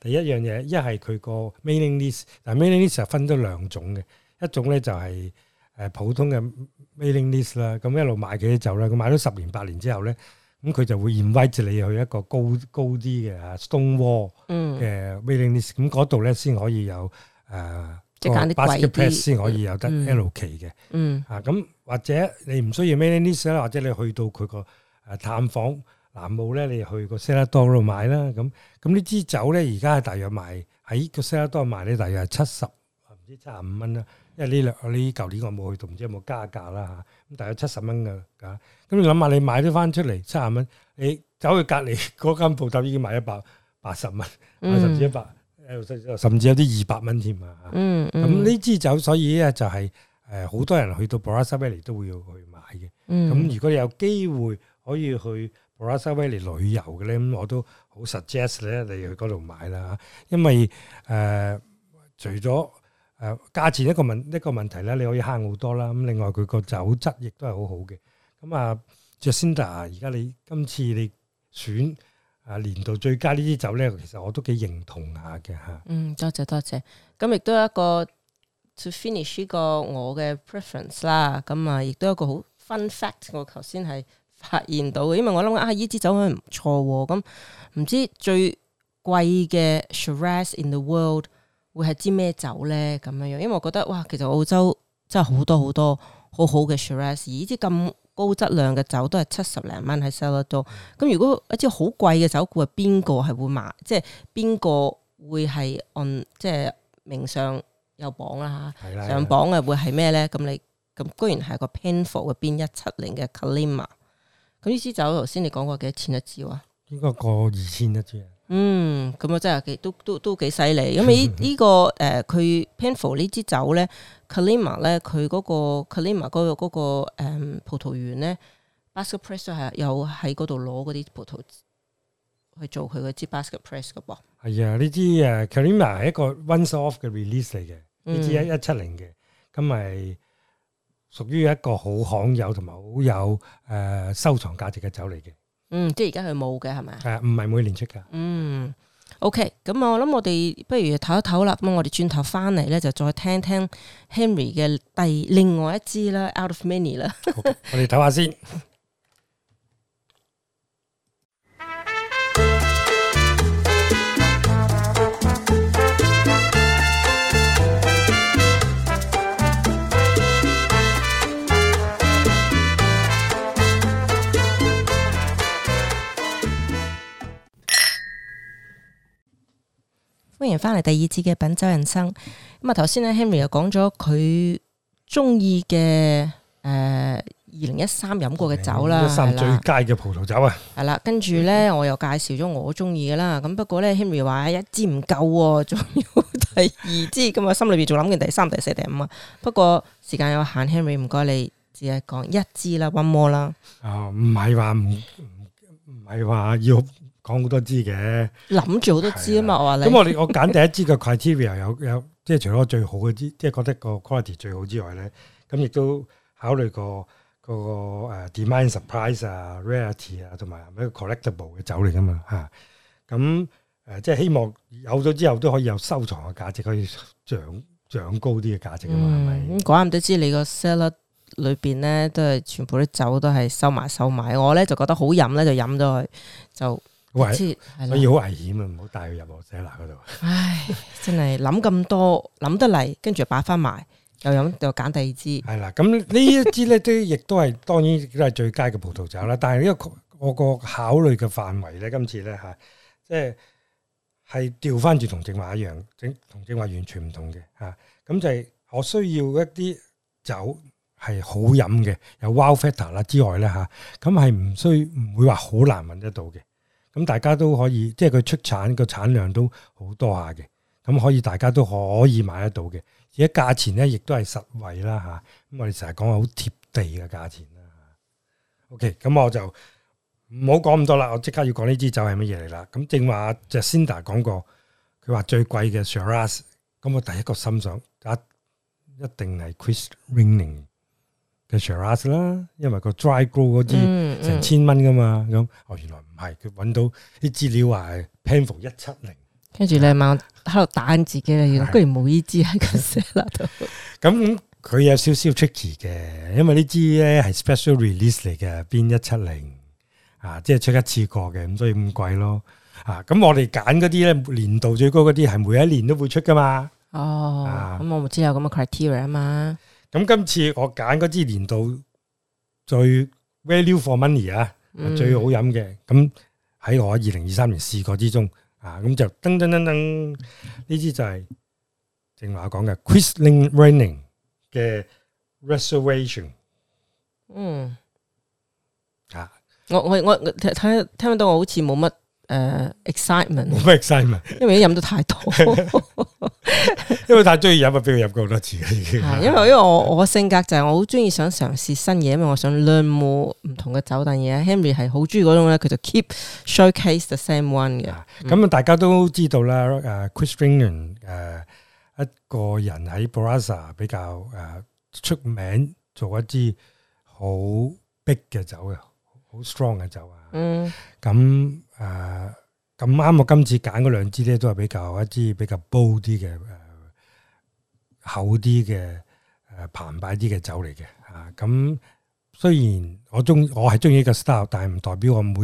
第一樣嘢一係佢個 mailing list，但 mailing list 其實分咗兩種嘅，一種咧就係誒普通嘅 mailing list 啦，咁一路買佢啲酒啦，佢買咗十年八年之後咧。咁佢、嗯、就會 invite 你去一個高高啲嘅啊，東窩嘅 Mailing List，咁嗰度咧先可以有、呃、啊，即係揀啲貴啲先可以有得 L 期嘅。嗯，嗯啊咁或者你唔需要 Mailing List 咧，或者你去到佢個探訪南澳咧，你去個 Salado 嗰度買啦。咁咁呢支酒咧，而家係大約賣喺個 Salado 賣咧，大約係七十唔知七十五蚊啦。因為呢兩呢舊年我冇去到，唔知有冇加價啦嚇。啊咁大概七十蚊噶，咁你諗下，你買咗翻出嚟七廿蚊，你走去隔籬嗰間鋪頭已經賣一百八十蚊，嗯、甚至一百，甚至有啲二百蚊添啊！咁呢支酒，所以咧就係誒，好多人去到 Barossa Valley 都會要去買嘅。咁、嗯、如果有機會可以去 Barossa Valley 旅遊嘅咧，咁我都好 suggest 咧，你去嗰度買啦，因為誒、呃，除咗。誒、啊、價錢一個問一個問題咧，你可以慳好多啦。咁另外佢個酒質亦都係好好嘅。咁啊 Jacinda 而家你今次你選啊年度最佳呢啲酒咧，其實我都幾認同下嘅嚇。啊、嗯，多謝多謝。咁亦都有一個 to finish 呢個我嘅 preference 啦。咁啊，亦都有一個好 fun fact，我頭先係發現到，嘅，因為我諗啊，呢支酒係唔錯喎。咁唔知最貴嘅 Shiraz in the world。會係支咩酒咧咁樣樣，因為我覺得哇，其實澳洲真係好多好多好好嘅 Shiraz，而啲咁高質量嘅酒都係七十零蚊喺 cellar door。咁如果一支好貴嘅酒股，係邊個係會買？即係邊個會係按即係名上有榜啦嚇。嗯、上榜嘅會係咩咧？咁、嗯、你咁居然係個 Penfolds 嘅 Bin 170嘅 Kalimna。咁呢支酒頭先你講過幾多錢一支喎？應該過二千一支。嗯，咁啊真係都都都幾犀利，因為、嗯哼這個呃、呢呢、那個誒佢 Penfolds 呢支酒咧 Calima 咧佢、那、嗰個 Calima 嗰個嗰葡萄園咧，Basket Press 咧係有喺嗰度攞嗰啲葡萄去做佢嗰支 Basket Press 嘅噃。係啊、哎，呢支誒 Calima 係一個 once off 嘅 release 嚟嘅，呢支一一七零嘅，咁咪屬於一個好罕有同埋好有誒、呃、收藏價值嘅酒嚟嘅。嗯，即係而家佢冇嘅係咪？係啊，唔係每年出噶。嗯，OK，咁我諗我哋不如唞一唞啦，咁我哋轉頭翻嚟咧就再聽聽 Henry 嘅第另外一支啦，Out of Many 啦。OK, 我哋睇下先。歡迎翻嚟第二節嘅品酒人生。咁啊，頭先咧 Henry 又講咗佢中意嘅，誒，二零一三飲過嘅酒啦，二零一三，係啦，最佳嘅葡萄酒啊。係啦，跟住咧我又介紹咗我中意嘅啦。咁不過咧 Henry 話一支唔夠，仲要第二支咁啊，心裏邊仲諗緊第三、第四、第五啊。不過時間有限，Henry 唔該你只係講一支啦，one more 啦、呃。啊，唔係話唔唔係話要。講好多支嘅，諗住好多支啊嘛！我話你，咁 我哋，我揀第一支嘅 criteria 有有，即係除咗最好嘅支，即係覺得個 quality 最好之外咧，咁亦都考慮個嗰個誒 demand supply 啊、rarity 啊，同埋一個 collectable 嘅酒嚟噶嘛吓。咁、嗯、誒，即係希望有咗之後都可以有收藏嘅價值，可以漲漲高啲嘅價值啊嘛。咁怪唔得知你個 cellar 裏邊咧，都係全部啲酒都係收埋收埋。我咧就覺得好飲咧，就飲咗佢就。所以好危險啊！唔好帶佢入我西嗱嗰度。唉，真係諗咁多，諗得嚟，跟住擺翻埋，又飲又揀第二支。係啦，咁呢一支咧，都亦都係，當然亦都係最佳嘅葡萄酒啦。但係，這個，呢個我個考慮嘅範圍咧，今次咧吓，即係係調翻住同正話一樣，整同正話完全唔同嘅吓。咁、啊，就係我需要一啲酒係好飲嘅，有 Wow Factor 啦之外咧吓，咁係唔需唔會話好難揾得到嘅。咁大家都可以，即係佢出產個產量都好多下嘅，咁可以大家都可以買得到嘅，而家價錢咧亦都係實惠啦吓。咁、啊、我哋成日講好貼地嘅價錢啦、啊。OK，咁我就唔好講咁多啦，我即刻要講呢支酒係乜嘢嚟啦。咁正話阿 Jacinda 講過，佢話最貴嘅 Shiraz，咁我第一個心想，啊，一定係 Chris Ringland 嘅 share us 啦，因為個 dry grow 嗰啲成千蚊噶嘛，咁、嗯嗯、哦，原來唔係，佢揾到啲資料話 Penfolds 一七零，跟住你阿媽喺度打緊自己啦，原來居然冇呢支喺個 share 度、嗯。咁佢、嗯、有少少 tricky 嘅，因為呢支咧係 special release 嚟嘅，Bin 一七零啊，即係出一次過嘅，咁所以咁貴咯啊。咁、嗯、我哋揀嗰啲咧年度最高嗰啲係每一年都會出噶嘛。哦，咁我唔知有咁嘅 criteria 啊嘛。咁今次我揀嗰支年度最 value for money 啊，最好飲嘅，咁喺我二零二三年試過之中啊，咁就噔噔噔噔，呢支就係正話講嘅 Chrisling Raining 嘅 Reservation。嗯，啊，我我我聽聽唔到，我好似冇乜。誒、uh，excitement 冇乜 excitement，因為啲飲咗太多，因為太中意飲啊，俾佢飲過好多次嘅，因為因為我我性格就係我好中意想嘗試新嘢，因為我想 learn more 唔同嘅酒但嘢。 Henry 係好中意嗰種咧，佢就 keep showcase the same one 嘅。咁啊，大家都知道啦，誒、啊、Chris Ringland 誒、啊，一個人喺 Barossa 比較誒、啊、出名，做一支好 big 嘅酒嘅。好 strong 嘅酒啊，咁誒、嗯，咁啱我今次揀嗰兩支咧，都係比較一支比較 bold 啲嘅誒，厚啲嘅誒，澎湃啲嘅酒嚟嘅啊。咁雖然我中我係中意呢個 style，但係唔代表我每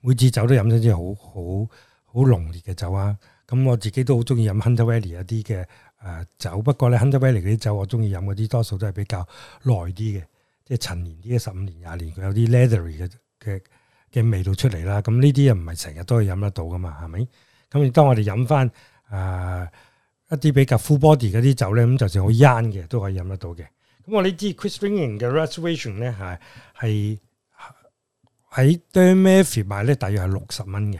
每支酒都飲咗啲好好好濃烈嘅酒啊。咁我自己都好中意飲 Hunter Valley 一啲嘅誒酒，不過咧 Hunter Valley 嗰啲酒我中意飲嗰啲，多數都係比較耐啲嘅，即係陳年啲，十五年、廿年，佢有啲 leathery 嘅，嘅嘅味道出嚟啦，咁呢啲又唔係成日都可以飲得到噶嘛，係咪？咁而當我哋飲翻啊一啲比較 full body 嗰啲酒咧，咁就算好啱嘅都可以飲得到嘅。咁我呢支 Chris Ring 嘅 Reservation 咧，係係喺 Dan Murphy 買咧，大約係六十蚊嘅。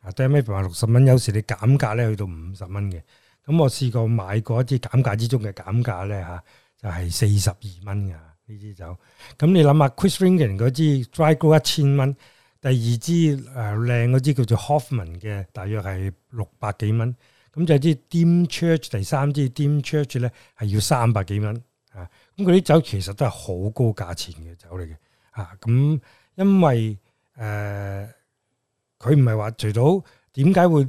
啊，Dan Murphy 賣六十蚊，有時你減價咧去到五十蚊嘅。咁我試過買過一啲減價之中嘅減價咧，嚇就係四十二蚊嘅。呢支酒，咁你諗下，Chris Ringen 嗰支 Dry Grow 一千蚊，第二支誒靚嗰支叫做 Hoffman 嘅，大約係六百幾蚊，咁就支 Dim Church，第三支 Dim Church 咧，係要三百幾蚊，吓咁佢啲酒其實都係好高價錢嘅酒嚟嘅。吓、啊、咁、嗯、因為誒佢唔係話除到點解會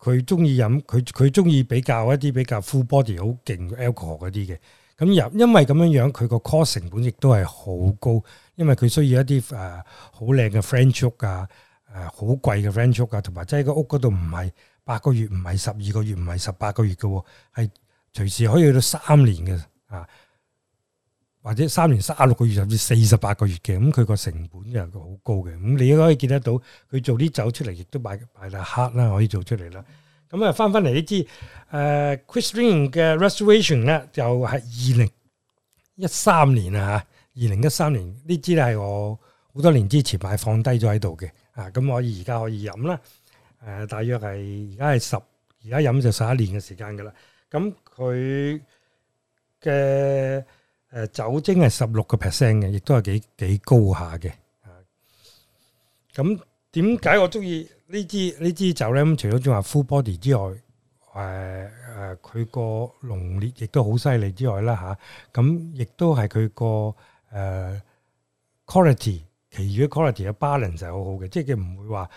佢中意飲，佢佢中意比較一啲比較 full body 好勁 alcohol 嗰啲嘅。咁又，因為咁樣樣，佢個 cost 成本亦都係好高，因為佢需要一啲誒好靚嘅 French oak 啊，誒好貴嘅 French oak 啊，同埋即係個屋嗰度唔係八個月，唔係十二個月，唔係十八個月嘅、啊，係隨時可以去到三年嘅啊，或者三年三十六個月甚至四十八個月嘅，咁佢個成本又好高嘅，咁、嗯、你都可以見得到，佢做啲酒出嚟，亦都賣賣得黑啦，可以做出嚟啦。咁、呃、啊，翻翻嚟呢支誒，Chris Ring 嘅 Restoration 咧，就係二零一三年啊，二零一三年呢支咧係我好多年之前擺放低咗喺度嘅，啊，咁、嗯、我而家可以飲啦。誒、呃，大約係而家係十，而家飲就十一年嘅時間噶啦。咁佢嘅誒酒精係十六個 percent 嘅，亦都係幾幾高下嘅。咁點解我中意？呢支呢支酒咧，咁除咗仲話 full body 之外，誒、呃、誒，佢個濃烈亦都好犀利之外啦嚇，咁、啊、亦都係佢個誒 quality，其餘 quality 嘅 balance 係好好嘅，即係佢唔會話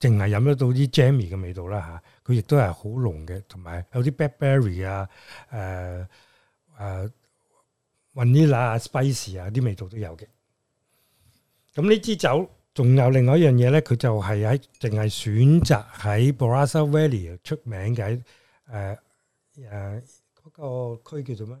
淨係飲得到啲 jammy 嘅味道啦嚇，佢亦都係好濃嘅，同埋有啲 blackberry 啊，誒誒，vanilla 啊 spicy 啊啲、啊、味道都有嘅。咁呢支酒。仲有另外一樣嘢咧，佢就係喺淨係選擇喺 Barossa Valley 出名嘅喺誒誒嗰個區叫做咩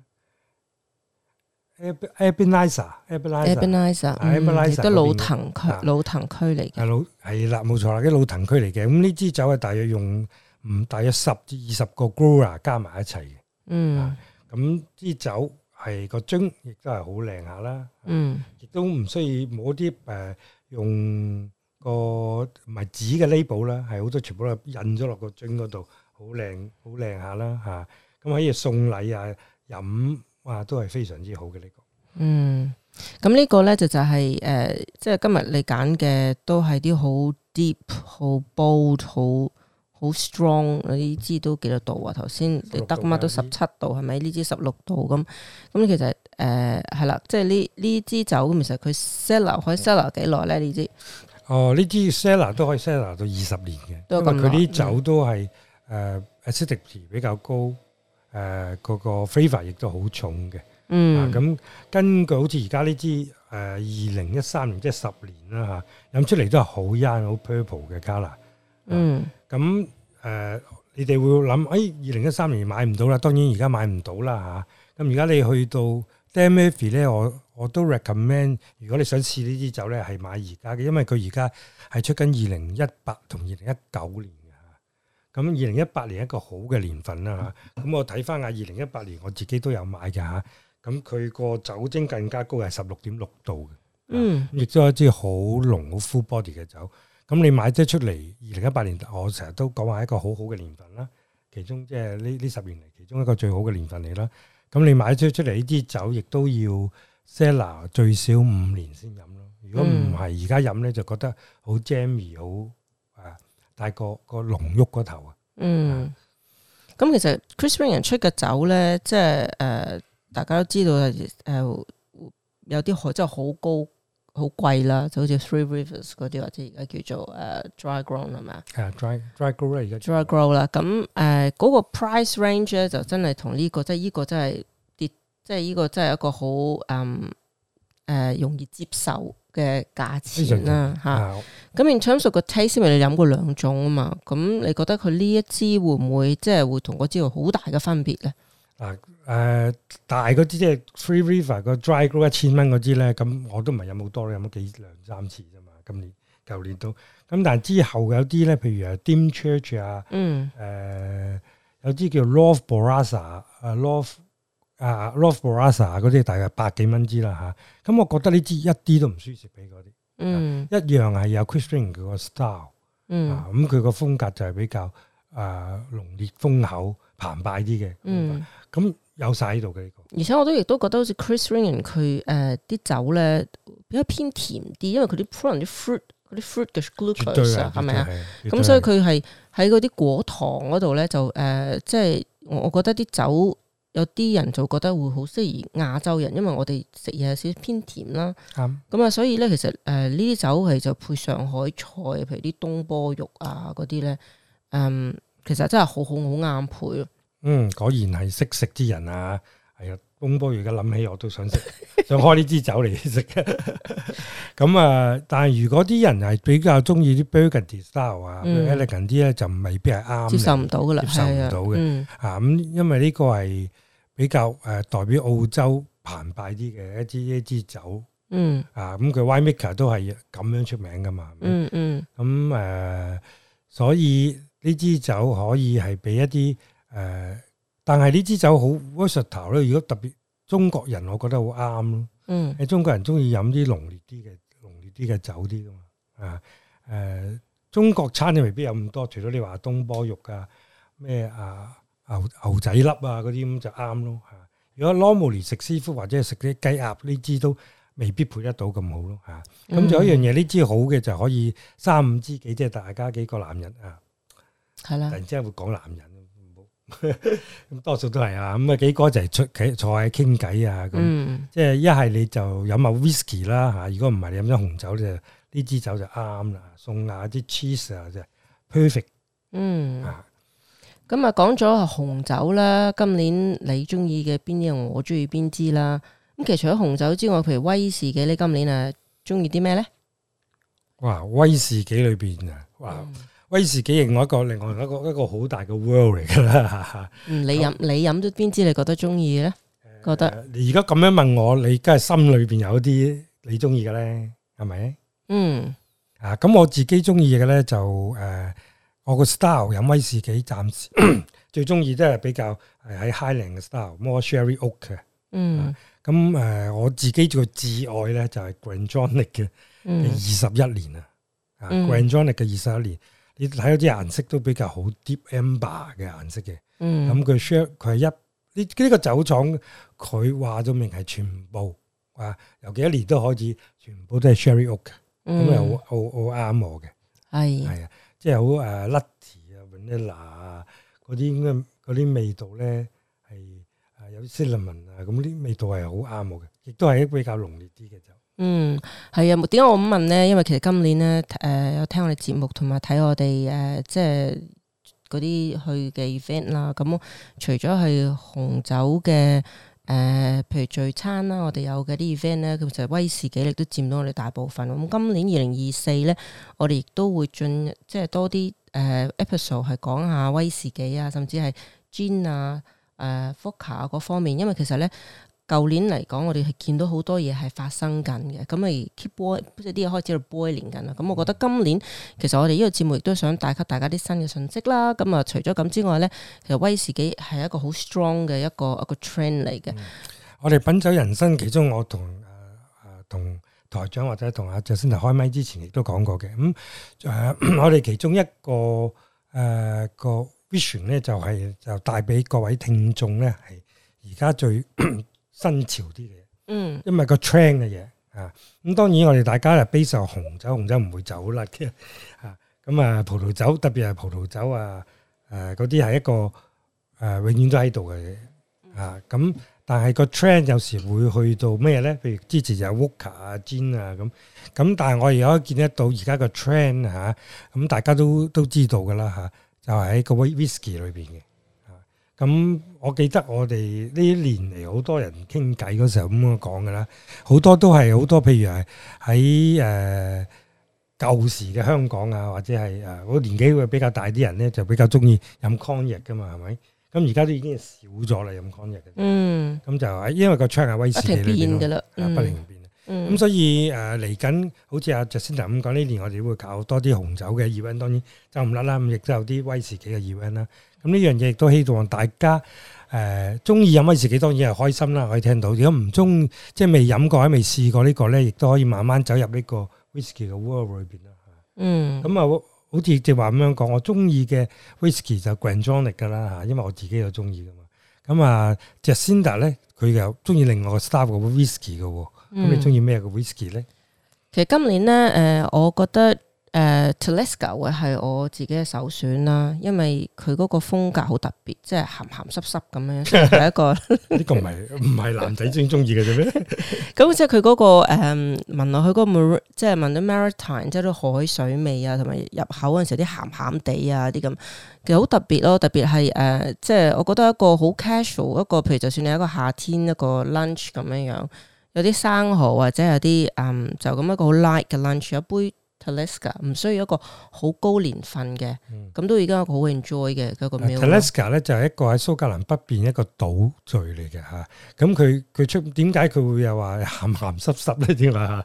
？Eb Ebenezer Ebenezer Ebenezer，都老藤區老藤區嚟嘅，係啦冇錯啦，啲老藤區嚟嘅。咁呢支酒係大約用唔大約十至二十個 Gra 加埋一齊嘅。嗯，咁呢支酒係個樽亦都係好靚下啦。嗯，亦都唔需要冇啲誒。用個唔係紙嘅 label 啦，係好多全部都印咗落個樽嗰度，好靚好靚下啦吓。咁、啊、可以送禮啊，飲哇、啊、都係非常之好嘅呢、呢個。嗯，咁呢個咧就就係、係、誒、呃，即係今日你揀嘅都係啲好 deep 好 bold，好、好 bold、好。好 strong 呢支都幾多度啊？頭先你得嘛，都十七度，係咪呢支十六度咁？咁、嗯、其實誒係、呃、啦，即係呢呢支酒其實佢 cellar 可以 cellar 幾耐咧？呢支哦，呢支 cellar 都可以 cellar 到二十年嘅，因為佢啲酒都係誒 acidity 比較高，誒、呃、嗰個 flavour 亦都好重嘅。嗯，咁根據好似而家呢支誒二零一三年即係十年啦吓，飲出嚟都係好 young 好 purple 嘅 colour 嗯。嗯。咁誒、呃，你哋會諗，誒、哎，二零一三年買唔到啦，當然而家買唔到啦嚇。咁而家你去到 Damavie 咧，我我都 recommend，如果你想試呢啲酒咧，係買而家嘅，因為佢而家係出緊二零一八同二零一九年嘅嚇。咁二零一八年一個好嘅年份啦嚇。咁、啊、我睇翻下二零一八年，我自己都有買嘅嚇。咁佢個酒精更加高，係十六點六度嘅。啊、嗯，亦都有一支好濃好 full body 嘅酒。咁你買咗出嚟二零一八年，我成日都講話一個好好嘅年份啦。其中即係呢呢十年嚟其中一個最好嘅年份嚟啦。咁你買咗出嚟呢啲酒，亦都要 cellar 最少五年先飲咯。如果唔係而家飲咧，就覺得好 jammy 好啊，大、嗰個、嗰個濃郁個頭啊、嗯是嗯。嗯，咁其實 Chris Waring 出嘅酒咧，即係誒、呃、大家都知道誒、呃，有啲海真係好高。好貴啦，就好似 Three Rivers 嗰啲或者而家叫做誒、uh, dry ground 係嘛？係啊、uh,dry dry grow 而家 dry ground 啦，咁誒嗰個 price range 咧就真係同呢個，即係呢個真係啲，即係呢個真係一個好誒誒容易接受嘅價錢啦嚇。咁 in terms of the taste 咪你飲過兩種啊嘛，咁你覺得佢呢一支會唔會即係、就是、會同嗰支好大嘅分別咧？啊誒大嗰啲即係 Free River 個 dry grow 一千蚊嗰支咧，咁我都唔係飲好多啦，飲咗幾兩三次啫嘛。今年、舊年都咁，但係之後有啲咧，譬如 Dim Church, 啊 Dim Church、嗯呃、啊，啊，啊，嗯，誒有支叫 Love Barossa 啊 Love 啊啊 Love Barossa 嗰啲大概百幾蚊支啦嚇。咁、嗯、我覺得呢支一啲都唔輸蝕俾嗰啲，嗯，一樣係有 Christian 佢個 style，嗯，咁佢個風格就係比較。啊，濃烈、豐厚，澎湃啲嘅，嗯，咁、嗯、有晒呢度嘅。而且我都亦都覺得好似 Chris Ringan 佢誒啲、呃、酒咧比較偏甜啲，因為佢啲可能啲 fruit 嗰啲 fruit 嘅 glucose 係咪啊？咁所以佢係喺嗰啲果糖嗰度咧就誒，即係我我覺得啲酒有啲人就覺得會好適宜亞洲人，因為我哋食嘢少少偏甜啦。咁啊、嗯，所以咧其實誒呢啲酒係就配上海菜，譬如啲東坡肉啊嗰啲咧。嗯，其實真係好好好啱配咯。嗯，果然係識食之人啊！哎呀，風波而家諗起我都想食，想開呢支酒嚟食。咁啊，但係如果啲人係比較中意啲 Burgundy style 啊，elegant 啲咧，knight, 就未必係啱、嗯。接受唔到噶啦，接受唔到嘅。啊，咁因為呢個係比較誒代表澳洲澎湃啲嘅一支一枝酒 builders, 一嗯、uh, 嗯嗯。嗯。啊，咁佢 Winemaker 都係咁樣出名噶嘛。嗯嗯。咁誒，所以。呢支酒可以係俾一啲誒、呃，但係呢支酒好 wash 頭咧。如果特別中國人，我覺得好啱咯。嗯，誒中國人中意飲啲濃烈啲嘅濃烈啲嘅酒啲啊誒、呃，中國餐你未必有咁多，除咗你話東坡肉啊，咩啊牛牛仔粒啊嗰啲咁就啱咯嚇。如果 normally 食師傅或者係食啲雞鴨，呢支都未必配得到咁好咯嚇。咁、啊、仲、嗯嗯、有一樣嘢，呢支好嘅就可以三五知己，即係大家幾個男人啊～係啦，突然之間會講男人，好咁多數都係啊，咁啊幾哥就係出企坐喺傾偈啊，咁即係一係你就飲下 whisky 啦吓，如果唔係你飲咗紅酒咧，呢支酒就啱啦，送下啲 cheese 啊，即係 perfect，嗯咁啊講咗紅酒啦，今年你中意嘅邊啲，我中意邊支啦，咁其實除咗紅酒之外，譬如威士忌，你今年啊中意啲咩咧？哇，威士忌裏邊啊，哇！嗯威士忌另外一個，另外一個一個好大嘅 world 嚟噶啦， 嗯，你飲你飲都邊支你覺得中意咧？覺得，而家咁樣問我，你梗係心裏邊有啲你中意嘅咧，係咪？嗯啊，啊，咁我自己中意嘅咧就誒，我個 style 飲威士忌，暫時咳咳最中意都係比較係喺 Highland 嘅 style，more sherry oak 嘅，嗯，咁誒、啊啊，我自己最摯愛咧就係 GlenDronach 嘅二十一年啊，GlenDronach 嘅二十一年。嗯嗯嗯你睇到啲顏色都比較好 deep amber 嘅顏色嘅，咁佢 share 佢係一呢呢，呢個酒廠佢話咗明係全部啊，由幾多年都開始全部都係 sherry oak 咁又好好啱我嘅，係，係是、呃、啊，即係好誒 luty 啊，vanilla 啊嗰啲咁嘅啲味道咧係啊有啲 cinnamon 啊咁啲味道係好啱我嘅，亦都係比較濃烈啲嘅酒。嗯，係啊，點解我咁問咧？因為其實今年咧，誒、呃，有聽我哋節目，同埋睇我哋誒、呃，即係嗰啲去嘅 event 啦。咁、嗯、除咗係紅酒嘅，誒、呃，譬如聚餐啦，我哋有嘅啲 event 咧，其實威士忌亦都佔到我哋大部分。咁、嗯、今年二零二四咧，我哋亦都會進，即係多啲誒、呃、episode 係講下威士忌啊，甚至係 Gin 啊、呃，誒，伏卡嗰方面。因為其實咧。舊年嚟講，我哋係見到好多嘢係發生緊嘅，咁咪 keep b o y 即係啲嘢開始到 b o y l i n 緊啦。咁我覺得今年其實我哋呢個節目亦都想帶給大家啲新嘅信息啦。咁啊，除咗咁之外咧，其實威士忌係一個好 strong 嘅一個一個 trend 嚟嘅，嗯。我哋品酒人生，其中我同誒誒同台長或者同阿卓先頭開麥之前亦都講過嘅。咁、嗯、誒、呃，我哋其中一個誒、呃、個 vision 咧，就係、是、就帶俾各位聽眾咧，係而家最。 新潮啲嘅，嗯，因為個 trend 嘅嘢啊，咁當然我哋大家啊 base 就紅酒，紅酒唔會走啦嘅，咁啊葡萄酒特別係葡萄酒啊，誒嗰啲係一個誒、啊、永遠都喺度嘅嘢，咁、啊、但係個 trend 有時會去到咩咧？譬如之前有 vodka 啊、gin 啊咁，咁、啊、但係我而家見得到而家個 trend 嚇咁大家都都知道噶啦嚇，就係喺嗰個 whisky 裏邊嘅。咁、嗯、我記得我哋呢一年嚟好多人傾偈嗰時候咁講㗎啦，好多都係好多譬如係喺誒舊時嘅香港啊，或者係誒我年紀會比較大啲人咧，就比較中意飲干邑㗎嘛，係咪？咁而家都已經少咗啦，飲干邑嘅、嗯。嗯。咁就啊，因為個 charge 係威士忌，一成變嘅啦，不靈變。咁所以誒嚟緊，好似阿 Justin 咁講，呢年我哋會搞多啲紅酒嘅 event，當然就唔甩啦，咁亦都有啲威士忌嘅 event 啦。咁呢樣嘢亦都希望大家誒中意飲威士忌當然係開心啦，可以聽到。如果唔中意即係未飲過或未試過呢、這個咧，亦都可以慢慢走入呢個 whisky 嘅 world 裏邊啦。嗯。咁啊、嗯，好似正話咁樣講，我中意嘅 whisky 就 Grantonic 噶啦嚇，因為我自己又中意噶嘛。咁啊，Jacinda 咧佢又中意另外個 style 嘅 whisky 嘅喎。嗯。咁、啊、你中意咩嘅 whisky 咧、嗯？其實今年咧，誒、呃，我覺得。誒、uh, Telesco 嘅係我自己嘅首選啦，因為佢嗰個風格好特別，即係鹹鹹濕濕咁樣，係一個呢個唔係唔係男仔先中意嘅啫咩？咁 即係佢嗰個誒聞落去嗰個，呃、即係聞到 maritime 即係啲海水味啊，同埋入口嗰陣時啲鹹鹹地啊啲咁，其實好特別咯。特別係誒、呃，即係我覺得一個好 casual 一個，譬如就算你一個夏天一個 lunch 咁樣樣，有啲生蠔或者有啲、嗯、就咁一個好 light 嘅 lunch，一杯。Talisker 唔需要一個好高年份嘅，咁都已經有一個好 enjoy 嘅個。Talisker 咧就係一個喺蘇格蘭北邊一個島嶼嚟嘅吓，咁佢佢出點解佢會又話咸咸濕濕咧？點啊？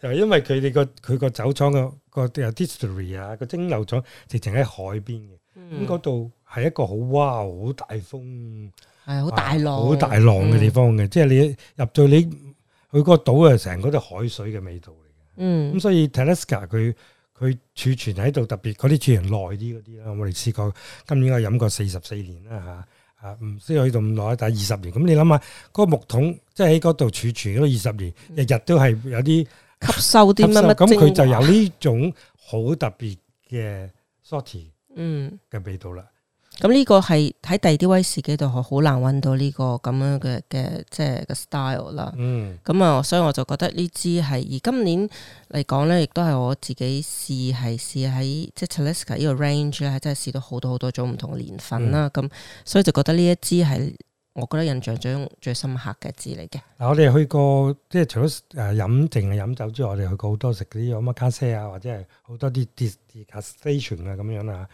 就、啊、因為佢哋個佢個酒廠、那個個 distillery 啊個蒸餾廠直情喺海邊嘅，咁嗰度係一個好哇好大風，係好、哎、大浪，好、啊、大浪嘅地方嘅，嗯、即係你入到你佢嗰個島啊，成嗰啲海水嘅味道。嗯，咁所以 Telesca 佢佢儲存喺度，特別嗰啲儲存耐啲啲啦。我哋試過，今年我飲過四十四年啦，吓吓唔需要去到咁耐，但係二十年。咁、嗯嗯、你諗下，嗰、個、木桶即係喺嗰度儲存咗二十年，日日都係有啲吸收啲乜乜，咁佢收就有呢種好特別嘅 salty，嗯嘅味道啦、嗯。嗯咁呢個係喺第啲威士忌度好難揾到呢個咁樣嘅嘅即係個 style 啦。咁啊、嗯，嗯、所以我就覺得呢支係以今年嚟講咧，亦都係我自己試係試喺即係 Talisker 呢個 range 咧，係真係試到好多好多種唔同嘅年份啦。咁、嗯、所以就覺得呢一支係我覺得印象中最深刻嘅支嚟嘅。嗱，我哋去過即係除咗誒飲淨啊飲酒之外，我哋去過好多食啲咁嘅 cafe 啊，或者係好多啲 dis destination 啊咁樣啊。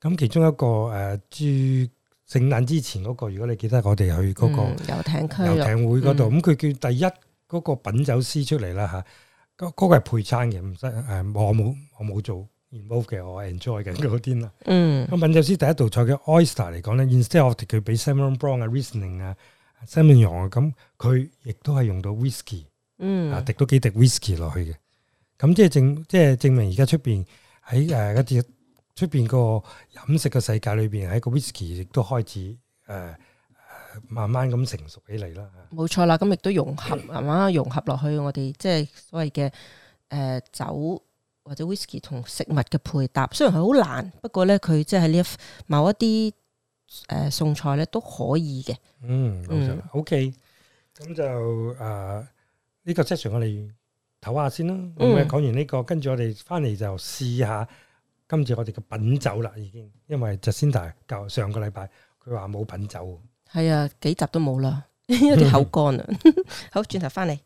咁其中一個誒，住聖誕之前嗰個，如果你記得我哋去嗰個遊艇區，遊艇會嗰度，咁佢叫第一嗰個品酒師出嚟啦嚇，嗰嗰個係配餐嘅，唔使誒，我冇我冇做 r 嘅，我 enjoy 嘅嗰啲啦。嗯，咁品酒師第一道菜嘅 oyster 嚟講咧，instead 我佢俾 s i r m brown 啊、Riesling 啊、sirmon 羊啊，咁佢亦都係用到 whisky，嗯，滴都幾滴 whisky 落去嘅。咁即係證，即係證明而家出邊喺誒一啲。出邊個飲食嘅世界裏邊，喺個 Whisky 亦都開始誒、呃，慢慢咁成熟起嚟啦。冇錯啦，咁亦都融合，嗯、慢慢融合落去我哋即係所謂嘅誒酒或者 Whisky 同食物嘅配搭。雖然佢好難，不過咧佢即係呢一某一啲誒、呃、送菜咧都可以嘅。嗯，O K，咁就誒呢、呃這個 section 我哋唞下先啦。咁啊講完呢、這個，跟住我哋翻嚟就試下。今次我哋嘅品酒啦，已經因為就 Jacinda，上個禮拜佢話冇品酒，係啊，幾集都冇啦，有啲口乾啊。好，轉頭翻嚟，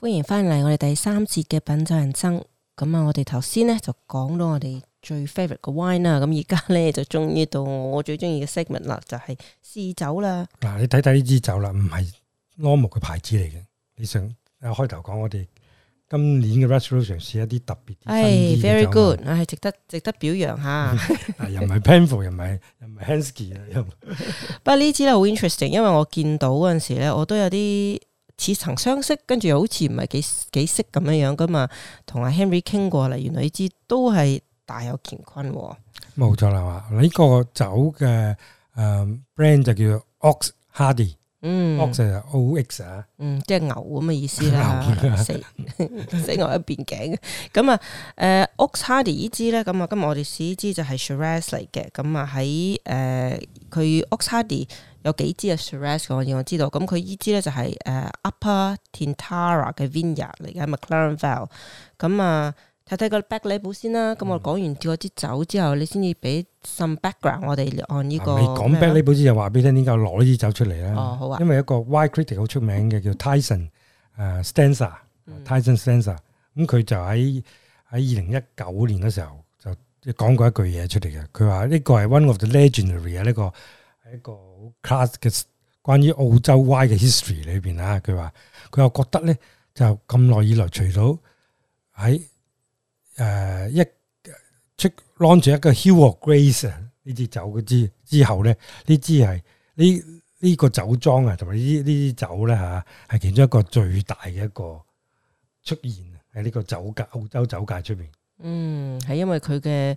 歡迎翻嚟，我哋第三節嘅品酒人生。咁啊，我哋頭先呢就講到我哋最 favorite 嘅 wine 啦。咁而家呢就終於到我最中意嘅 segment 啦，就係試酒啦。嗱，你睇睇呢支酒啦，唔係 normal 嘅牌子嚟嘅。你想開頭講我哋。今年嘅 resolution 試一啲特別嘅新、哎、very good，哎值得值得表揚下。 又唔係 Penfolds 又唔係又唔係 Hansky，不過呢支咧好 interesting，因為我見到嗰陣時咧，我都有啲似曾相識，跟住又好似唔係幾幾識咁樣樣噶嘛。同阿 Henry 傾過啦，原來呢支都係大有乾坤。冇錯啦嘛，呢、這個酒嘅誒 brand 就叫 Ox Hardy。嗯，O 就係 Ox 啊，嗯，即係牛咁嘅意思啦， 死死牛一邊頸，咁啊，誒、呃、Ox Hardy 呢支咧，咁啊，今日我哋試呢支就係 Shiraz 嚟嘅，咁啊喺誒，佢、呃、Ox Hardy 有幾支啊 Shiraz 我我知道，咁佢呢支咧就係、是、誒、呃、Upper Tintara 嘅 Vineyard 嚟嘅 McLaren Vale，咁啊。呃睇睇個 back label 先啦，咁我講完跳咗支酒之後，嗯、你先至俾 some background 我哋按呢個。吧你講 back label 先就話俾你聽點解攞支酒出嚟啦。哦啊、因為一個 y critic 好出名嘅叫 Tyson，誒 Stanza，Tyson Stanza，咁佢就喺喺二零一九年嘅時候就講過一句嘢出嚟嘅。佢話呢個係 one of the legendary 啊，呢個係一個 class 嘅關於澳洲 y 嘅 history 裏邊啊。佢話佢又覺得咧就咁耐以來，除咗喺。誒一出 launch 一個 Hill of Grace 呢支酒嘅之之後咧，呢支係呢呢個酒莊啊，同埋呢呢啲酒咧嚇，係其中一個最大嘅一個出現喺呢個酒界澳洲酒界出邊。嗯，係因為佢嘅誒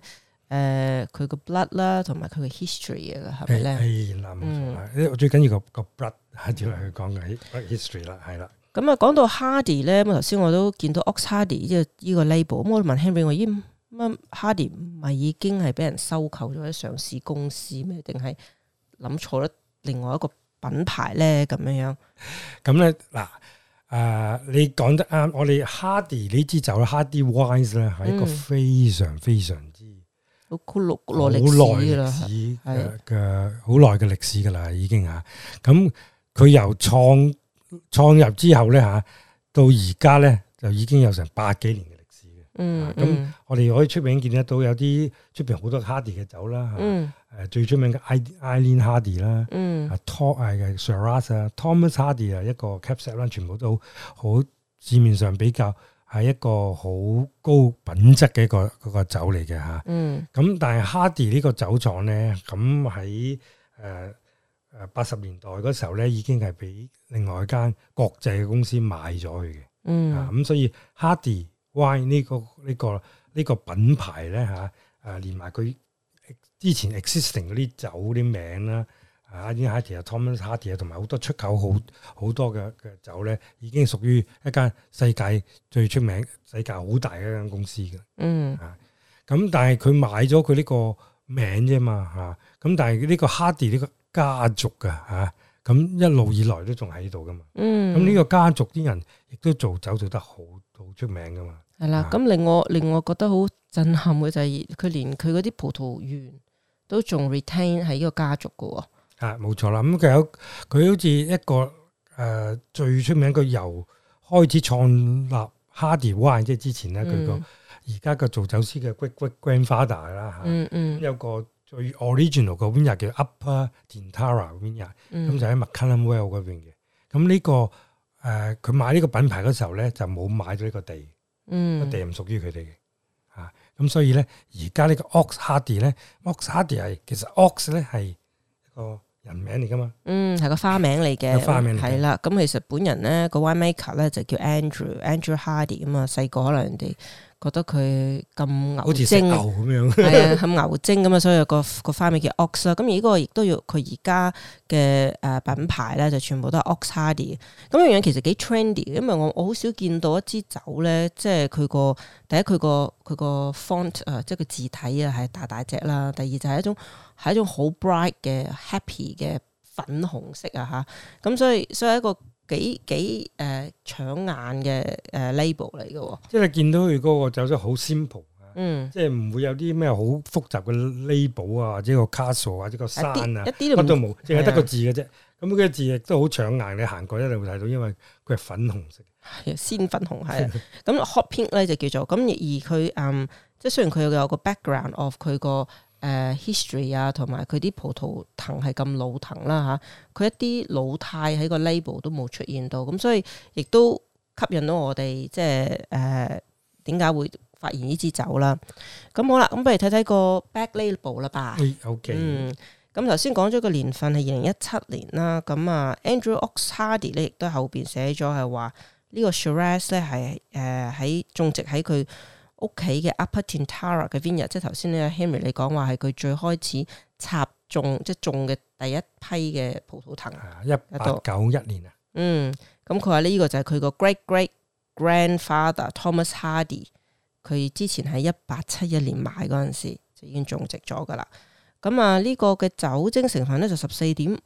佢嘅 blood 啦，同埋佢嘅 history 啊，係咪咧？係啦，冇錯啦。最緊要個個 blood 係要嚟講嘅，history 啦，係啦。咁啊，講到 Hardy 咧，咁頭先我都見到 Ox Hardy，即係呢個 label，咁我問 Henry，我咦乜 Hardy 唔係已經係俾人收購咗上市公司咩？定係諗錯咗另外一個品牌咧？咁樣樣？咁咧嗱，誒，你講得啱，我哋 Hardy 你知就啦，Hardy Wise 咧係一個非常非常之好耐歷史嘅嘅好耐嘅歷史噶啦，已經吓，咁佢由創。創立之後咧嚇，到而家咧就已經有成百幾年嘅歷史嘅、嗯。嗯，咁、啊、我哋可以出面見得到有啲出邊好多 Hardy 嘅酒啦。啊、嗯，誒最出名嘅 I Eileen Hardy 啦。嗯，啊 Tom 嘅 Shiraz 啊，Thomas Hardy 啊，az，啊啊 Hardy 一個 Cabernet 啦，全部都好市面上比較係一個好高品質嘅一個嗰、那個、酒嚟嘅嚇。嗯，咁但係 Hardy 呢個酒廠咧，咁喺誒。呃誒八十年代嗰時候咧，已經係俾另外一間國際嘅公司買咗佢嘅，嗯，咁、啊、所以 Hardy Wine 呢個呢個呢個品牌咧嚇，誒、啊、連埋佢之前 existing 嗰啲酒啲名啦，嗯、啊，啲 Hardy 啊 Thomas Hardy 啊，同埋好多出口好好多嘅嘅酒咧，已經屬於一間世界最出名、世界好大嘅一間公司嘅，嗯啊，啊，咁但係佢買咗佢呢個名啫嘛，嚇，咁但係呢個 Hardy 呢個。家族噶嚇，咁、啊、一路以來都仲喺度噶嘛。嗯，咁呢個家族啲人亦都做酒做得好好出名噶嘛。係啦的，咁令我令我覺得好震撼嘅就係佢連佢嗰啲葡萄園都仲 retain 喺呢個家族噶喎、啊。冇、啊、錯啦。咁佢有佢好似一個誒、呃、最出名佢由開始創立 Hardy Wine 即係之前咧佢、嗯，那個而家個做酒師嘅 Great, great Grandfather 啦、啊、嚇、嗯。嗯嗯，有個。最 original 嗰、嗯 vineyard、邊又叫 Upper Tintara 嗰邊啊，咁就喺 McLaren Vale 嗰邊嘅。咁呢個誒佢買呢個品牌嗰時候咧，就冇買咗呢個地，嗯，地唔屬於佢哋嘅嚇。咁、啊、所以咧，而家呢個 Ox Hardy 咧，Ox Hardy 係其實 Ox 咧係一個人名嚟噶嘛，嗯，係個花名嚟嘅，花名係啦。咁其實本人咧、個 winemaker 咧就叫 Andrew Andrew Hardy 啊嘛，細個嗰兩哋。覺得佢咁牛精，好似牛咁樣，係 啊咁牛精咁啊，所以有個個花名叫 Ox 啦。咁而呢個亦都要佢而家嘅誒品牌咧，就全部都係 Ox Hardy。咁樣樣其實幾 trendy 嘅，因為我我好少見到一支酒咧，即係佢個第一佢個佢個 font 誒、呃，即係個字體啊係大大隻啦。第二就係一種係一種好 bright 嘅 happy 嘅粉紅色啊吓。咁所以所以一個。幾幾誒搶、呃、眼嘅誒 label 嚟嘅，呃、即係你見到佢嗰個走咗好 simple 啊，嗯，即係唔會有啲咩好複雜嘅 label 啊，或者個 castle 啊，或者個山啊，一啲都冇，淨係得個字嘅啫。咁嗰個字亦都好搶眼，你行過一定會睇到，因為佢係粉紅色。係啊，鮮粉紅係。咁 hot pink 咧就叫做咁，而佢嗯，即係雖然佢有個 background of 佢個。誒、uh, history 啊，同埋佢啲葡萄藤係咁老藤啦嚇，佢、啊、一啲老態喺個 label 都冇出現到，咁、啊、所以亦都吸引到我哋即係誒點解會發現呢支酒啦。咁好啦，咁不如睇睇個 back label 啦吧。O.K. 嗯咁頭先講咗個年份係二零一七年啦。咁啊，Andrew Ox Hardy 咧亦都後邊寫咗係話呢個 Shiraz 咧係誒喺種植喺佢。屋企嘅 Upper Tintara 嘅 vineyard，即係頭先呢 Henry 你講話係佢最開始插種，即係種嘅第一批嘅葡萄藤。一八九一年啊。年嗯，咁佢話呢呢個就係佢個 great great grandfather Thomas Hardy，佢之前喺一八七一年買嗰陣時就已經種植咗噶啦。咁啊呢個嘅酒精成分咧就十四點五。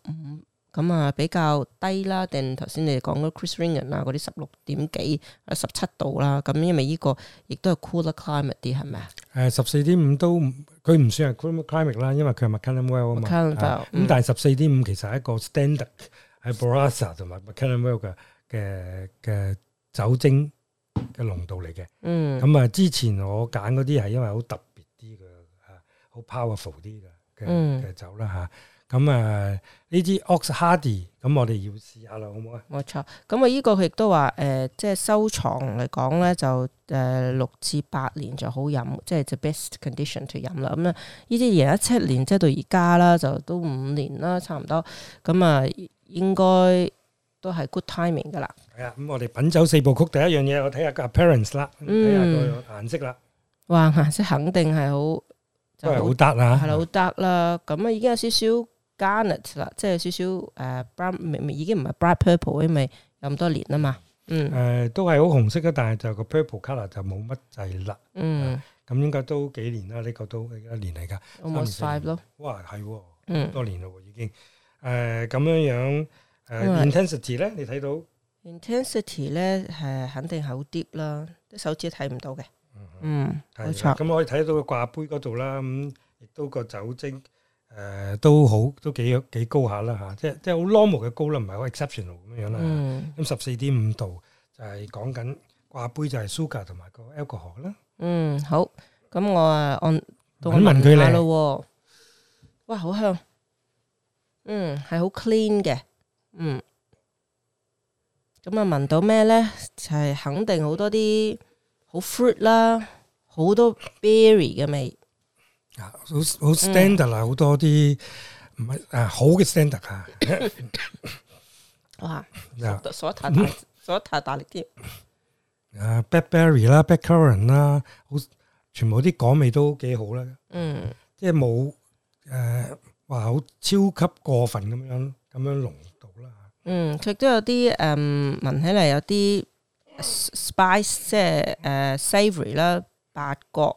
咁啊，比較低啦，定頭先你哋講嗰 Chris Ringan 啊，嗰啲十六點幾啊，十七度啦。咁因為呢個亦、呃、都係 Cooler Climate 啲，係咪啊？誒，十四點五都佢唔算係 Cooler Climate 啦，因為佢係 McLaren Vale 啊嘛。McLaren Vale。咁但係十四點五其實係一個 standard 喺、嗯、Barossa 同埋 McLaren Vale 嘅嘅嘅酒精嘅濃度嚟嘅。嗯。咁啊，之前我揀嗰啲係因為好特別啲嘅嚇，好 powerful 啲嘅嘅酒啦嚇。嗯嗯咁啊，呢啲 Ox Hardy，咁我哋要試下啦，好唔好啊？冇錯，咁啊，呢個佢亦都話，誒，即係收藏嚟講咧，就誒六至八年就好飲，即係就 the best condition to 飲啦。咁、嗯、啊，呢啲二零一七年，即係到而家啦，就都五年啦，差唔多。咁啊，應該都係 good timing 噶啦。係啊，咁我哋品酒四部曲第一樣嘢，我睇下個 appearance 啦，睇下、嗯、個顏色啦。哇，顏色肯定係好，真係好得啊。係好得啦。咁啊、嗯，已經有少少，Garnet 啦，即係少少誒 bright 已經唔係 bright purple，因為有咁多年啦嘛，嗯，誒都係好紅色嘅，但係就個 purple color 就冇乜滯啦，嗯，咁應該都幾年啦，呢個都一年嚟㗎，Almost five 咯，哇，係，多年咯，已經，誒咁樣樣，誒 intensity 咧，你睇到 intensity 咧，誒肯定好 deep 啦，啲手指睇唔到嘅，嗯，冇錯，咁我睇到個掛杯嗰度啦，咁亦都個酒精。誒，都好，都幾幾高下啦吓，即係即係好 normal 嘅高啦，唔係好 exceptional 咁樣樣啦。咁十四點五度就係講緊掛杯就係 sugar 同埋個 alcohol 啦。嗯，好，咁我啊按到我聞下咯。哇，好香，嗯，係好 clean 嘅，嗯，咁啊聞到咩咧？就係肯定好多啲好 fruit 啦，好多 berry 嘅味。啊，好好 standard 啦，好多啲唔係啊好嘅 standard 啊，哇！所太所太大力啲，啊，Blackberry 啦，Blackcurrant 啦，好，全部啲果味都幾好啦。嗯，即係冇誒，話好超級過分咁樣，咁樣濃度啦。嗯，佢都有啲誒聞起嚟有啲 spice，即係誒 savory 啦，八角。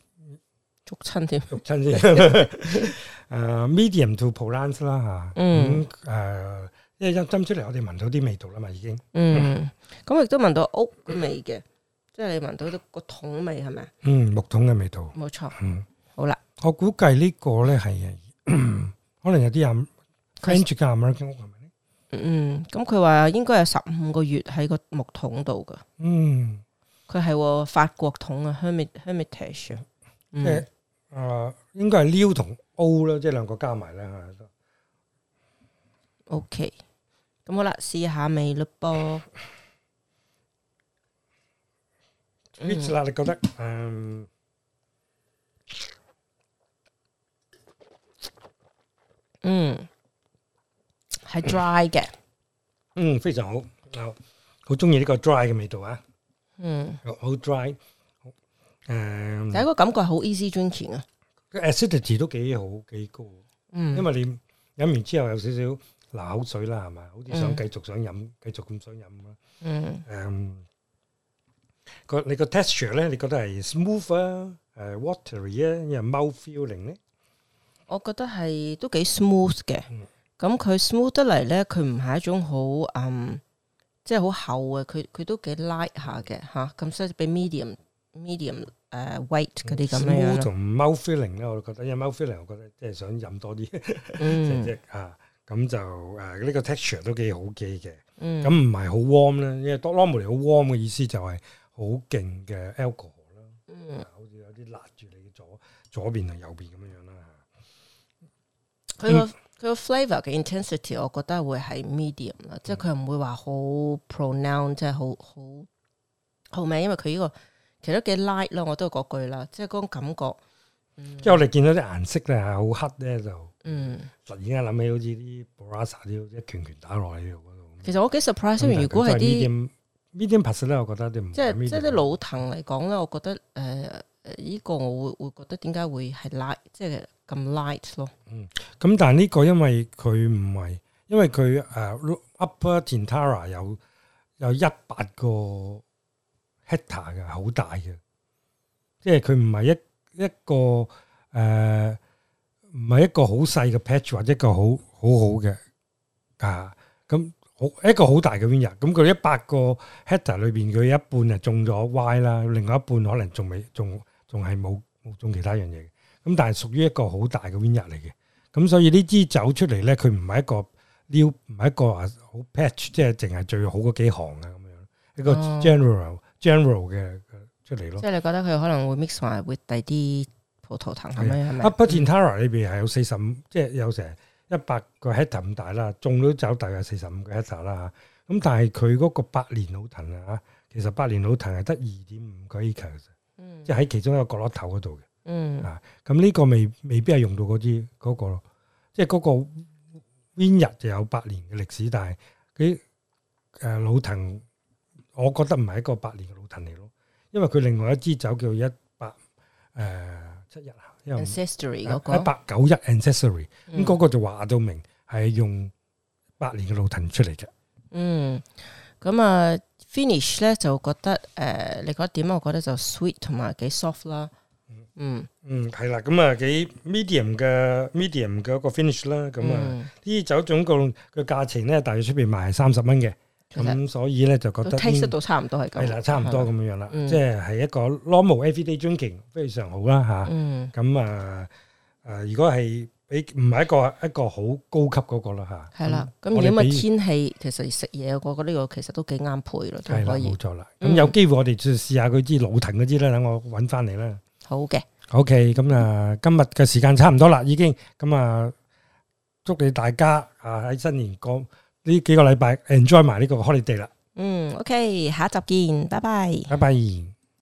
肉親添，肉親先。誒 medium to p o u a n c 啦吓？嗯，誒，因為一斟出嚟，我哋聞到啲味道啦嘛，已經。嗯，咁亦都聞到 oak 嘅味嘅，即係你聞到到個桶味係咪？嗯，木桶嘅味道。冇錯。嗯，好啦。我估計呢個咧係可能有啲人。French oak 係咪咧？嗯，咁佢話應該係十五個月喺個木桶度㗎。嗯，佢係喎法國桶啊，Hermit Hermitage。嗯。啊，應該係 L 同 O 啦，即係兩個加埋啦吓。O K，咁好啦，試下味咯噃。嗯，呢次喇，你覺得，嗯，係 dry 嘅。嗯，非常好，好，好鍾意呢個 dry 嘅味道啊。嗯，好 dry。誒，第一個感覺係好 easy drinking 啊，個 acidity 都幾好幾高，嗯，因為你飲完之後有少少流口水啦，係咪？好似想繼續想飲，繼續咁想飲啦，嗯，誒，個你個 texture 咧，你覺得係 smooth 啊，誒，watery 咧，又 mouth feeling 咧？我覺得係都幾 smooth 嘅。咁佢 smooth 得嚟咧，佢唔係一種好，嗯，即係好厚啊，佢佢都幾 light 下嘅，吓，咁所以畀 medium。medium 誒 weight 嗰啲咁同 mouth feeling 咧，我都覺得因為 mouth feeling，我覺得即係想飲多啲成隻啊，咁就誒呢、啊這個 texture 都幾好嘅，咁唔係好 warm 咧，因為多拉木嚟好 warm 嘅意思就係好勁嘅 alcohol 咯、嗯啊，好似有啲辣住你左左邊同右邊咁樣樣啦。佢個佢、嗯、個 flavor 嘅 intensity，我覺得會係 medium 啦、嗯，即係佢唔會話好 pronounce，即係好好好咩？因為佢呢、這個。其實幾 light 咯，我都係嗰句啦，即係嗰種感覺。嗯、即係我哋見到啲顏色咧係好黑咧，就嗯，突然間諗起好似啲 brasa 啲一拳拳打落嚟嗰度。嗯、其實我幾 surprise，如果係啲 medium 拍攝咧，我覺得啲即係即係啲老藤嚟講咧，我覺得誒誒依個我會會覺得點解會係 light，即係咁 light 咯。嗯，咁但係呢個因為佢唔係，因為佢誒、呃、Upper Tintara 有有一百個。hectare 嘅好大嘅，即係佢唔係一一個誒，唔、呃、係一個好細嘅 patch 或者一個好好好嘅啊，咁好一個好大嘅 vineyard，咁佢一百個 hectare 裏邊佢一半係中咗 y 啦，另外一半可能仲未仲仲係冇冇中其他樣嘢，咁、嗯、但係屬於一個好大嘅 vineyard 嚟嘅。咁、嗯、所以呢支酒出嚟咧，佢唔係一個 new 唔係一個啊好 patch，即係淨係最好嗰幾行啊咁樣，一個 general。Oh. general 嘅出嚟咯，即係你覺得佢可能會 mix 埋 w i 啲葡萄藤咁樣係咪？阿 Bintara 裏邊係有, 45, 有,有四十五，即係有成一百個 head 咁大啦，種到走大概四十五個 head 啦嚇。咁但係佢嗰個百年老藤啊嚇，其實百年老藤係得二點五個 acre 即係喺其中一個角落頭嗰度嘅嚇。咁呢、嗯啊、個未未必係用到嗰啲嗰個咯，即係嗰個 Win、就是、日就有百年嘅歷史，但係佢誒老藤。我覺得唔係一個百年嘅老藤嚟咯，因為佢另外一支酒叫一百誒、呃、七日啊，因為、那個呃、一百九一 ancestry，咁嗰、嗯、個就話到明係用百年嘅老藤出嚟嘅。嗯，咁啊 finish 咧就覺得誒、呃，你覺得點？我覺得就 sweet 同埋幾 soft、嗯嗯嗯、啦。嗯嗯嗯，係啦，咁啊幾 medium 嘅 medium 嘅一個 finish 啦、嗯。咁、嗯、啊呢支酒總共嘅價錢咧，大約出邊賣三十蚊嘅。咁、嗯、所以咧就覺得，taste 到差唔多係咁，係啦，差唔多咁樣樣啦，嗯、即係係一個 normal everyday drinking 非常好啦，吓，咁、嗯、啊、誒，如果係比唔係一個一個好高級嗰個啦，吓，係啦的，咁如而家天氣其實食嘢，我覺得呢個其實都幾啱配咯，係啦，冇錯啦，咁有機會我哋就試下佢支老藤嗰支啦，等我搵翻嚟啦，好嘅。的，OK，咁、嗯、啊今日嘅時間差唔多啦，已經咁啊、嗯，祝你大家啊喺新年過。呢幾個禮拜 enjoy 埋呢個 holiday 啦。嗯，OK，下一集見，拜拜。拜拜。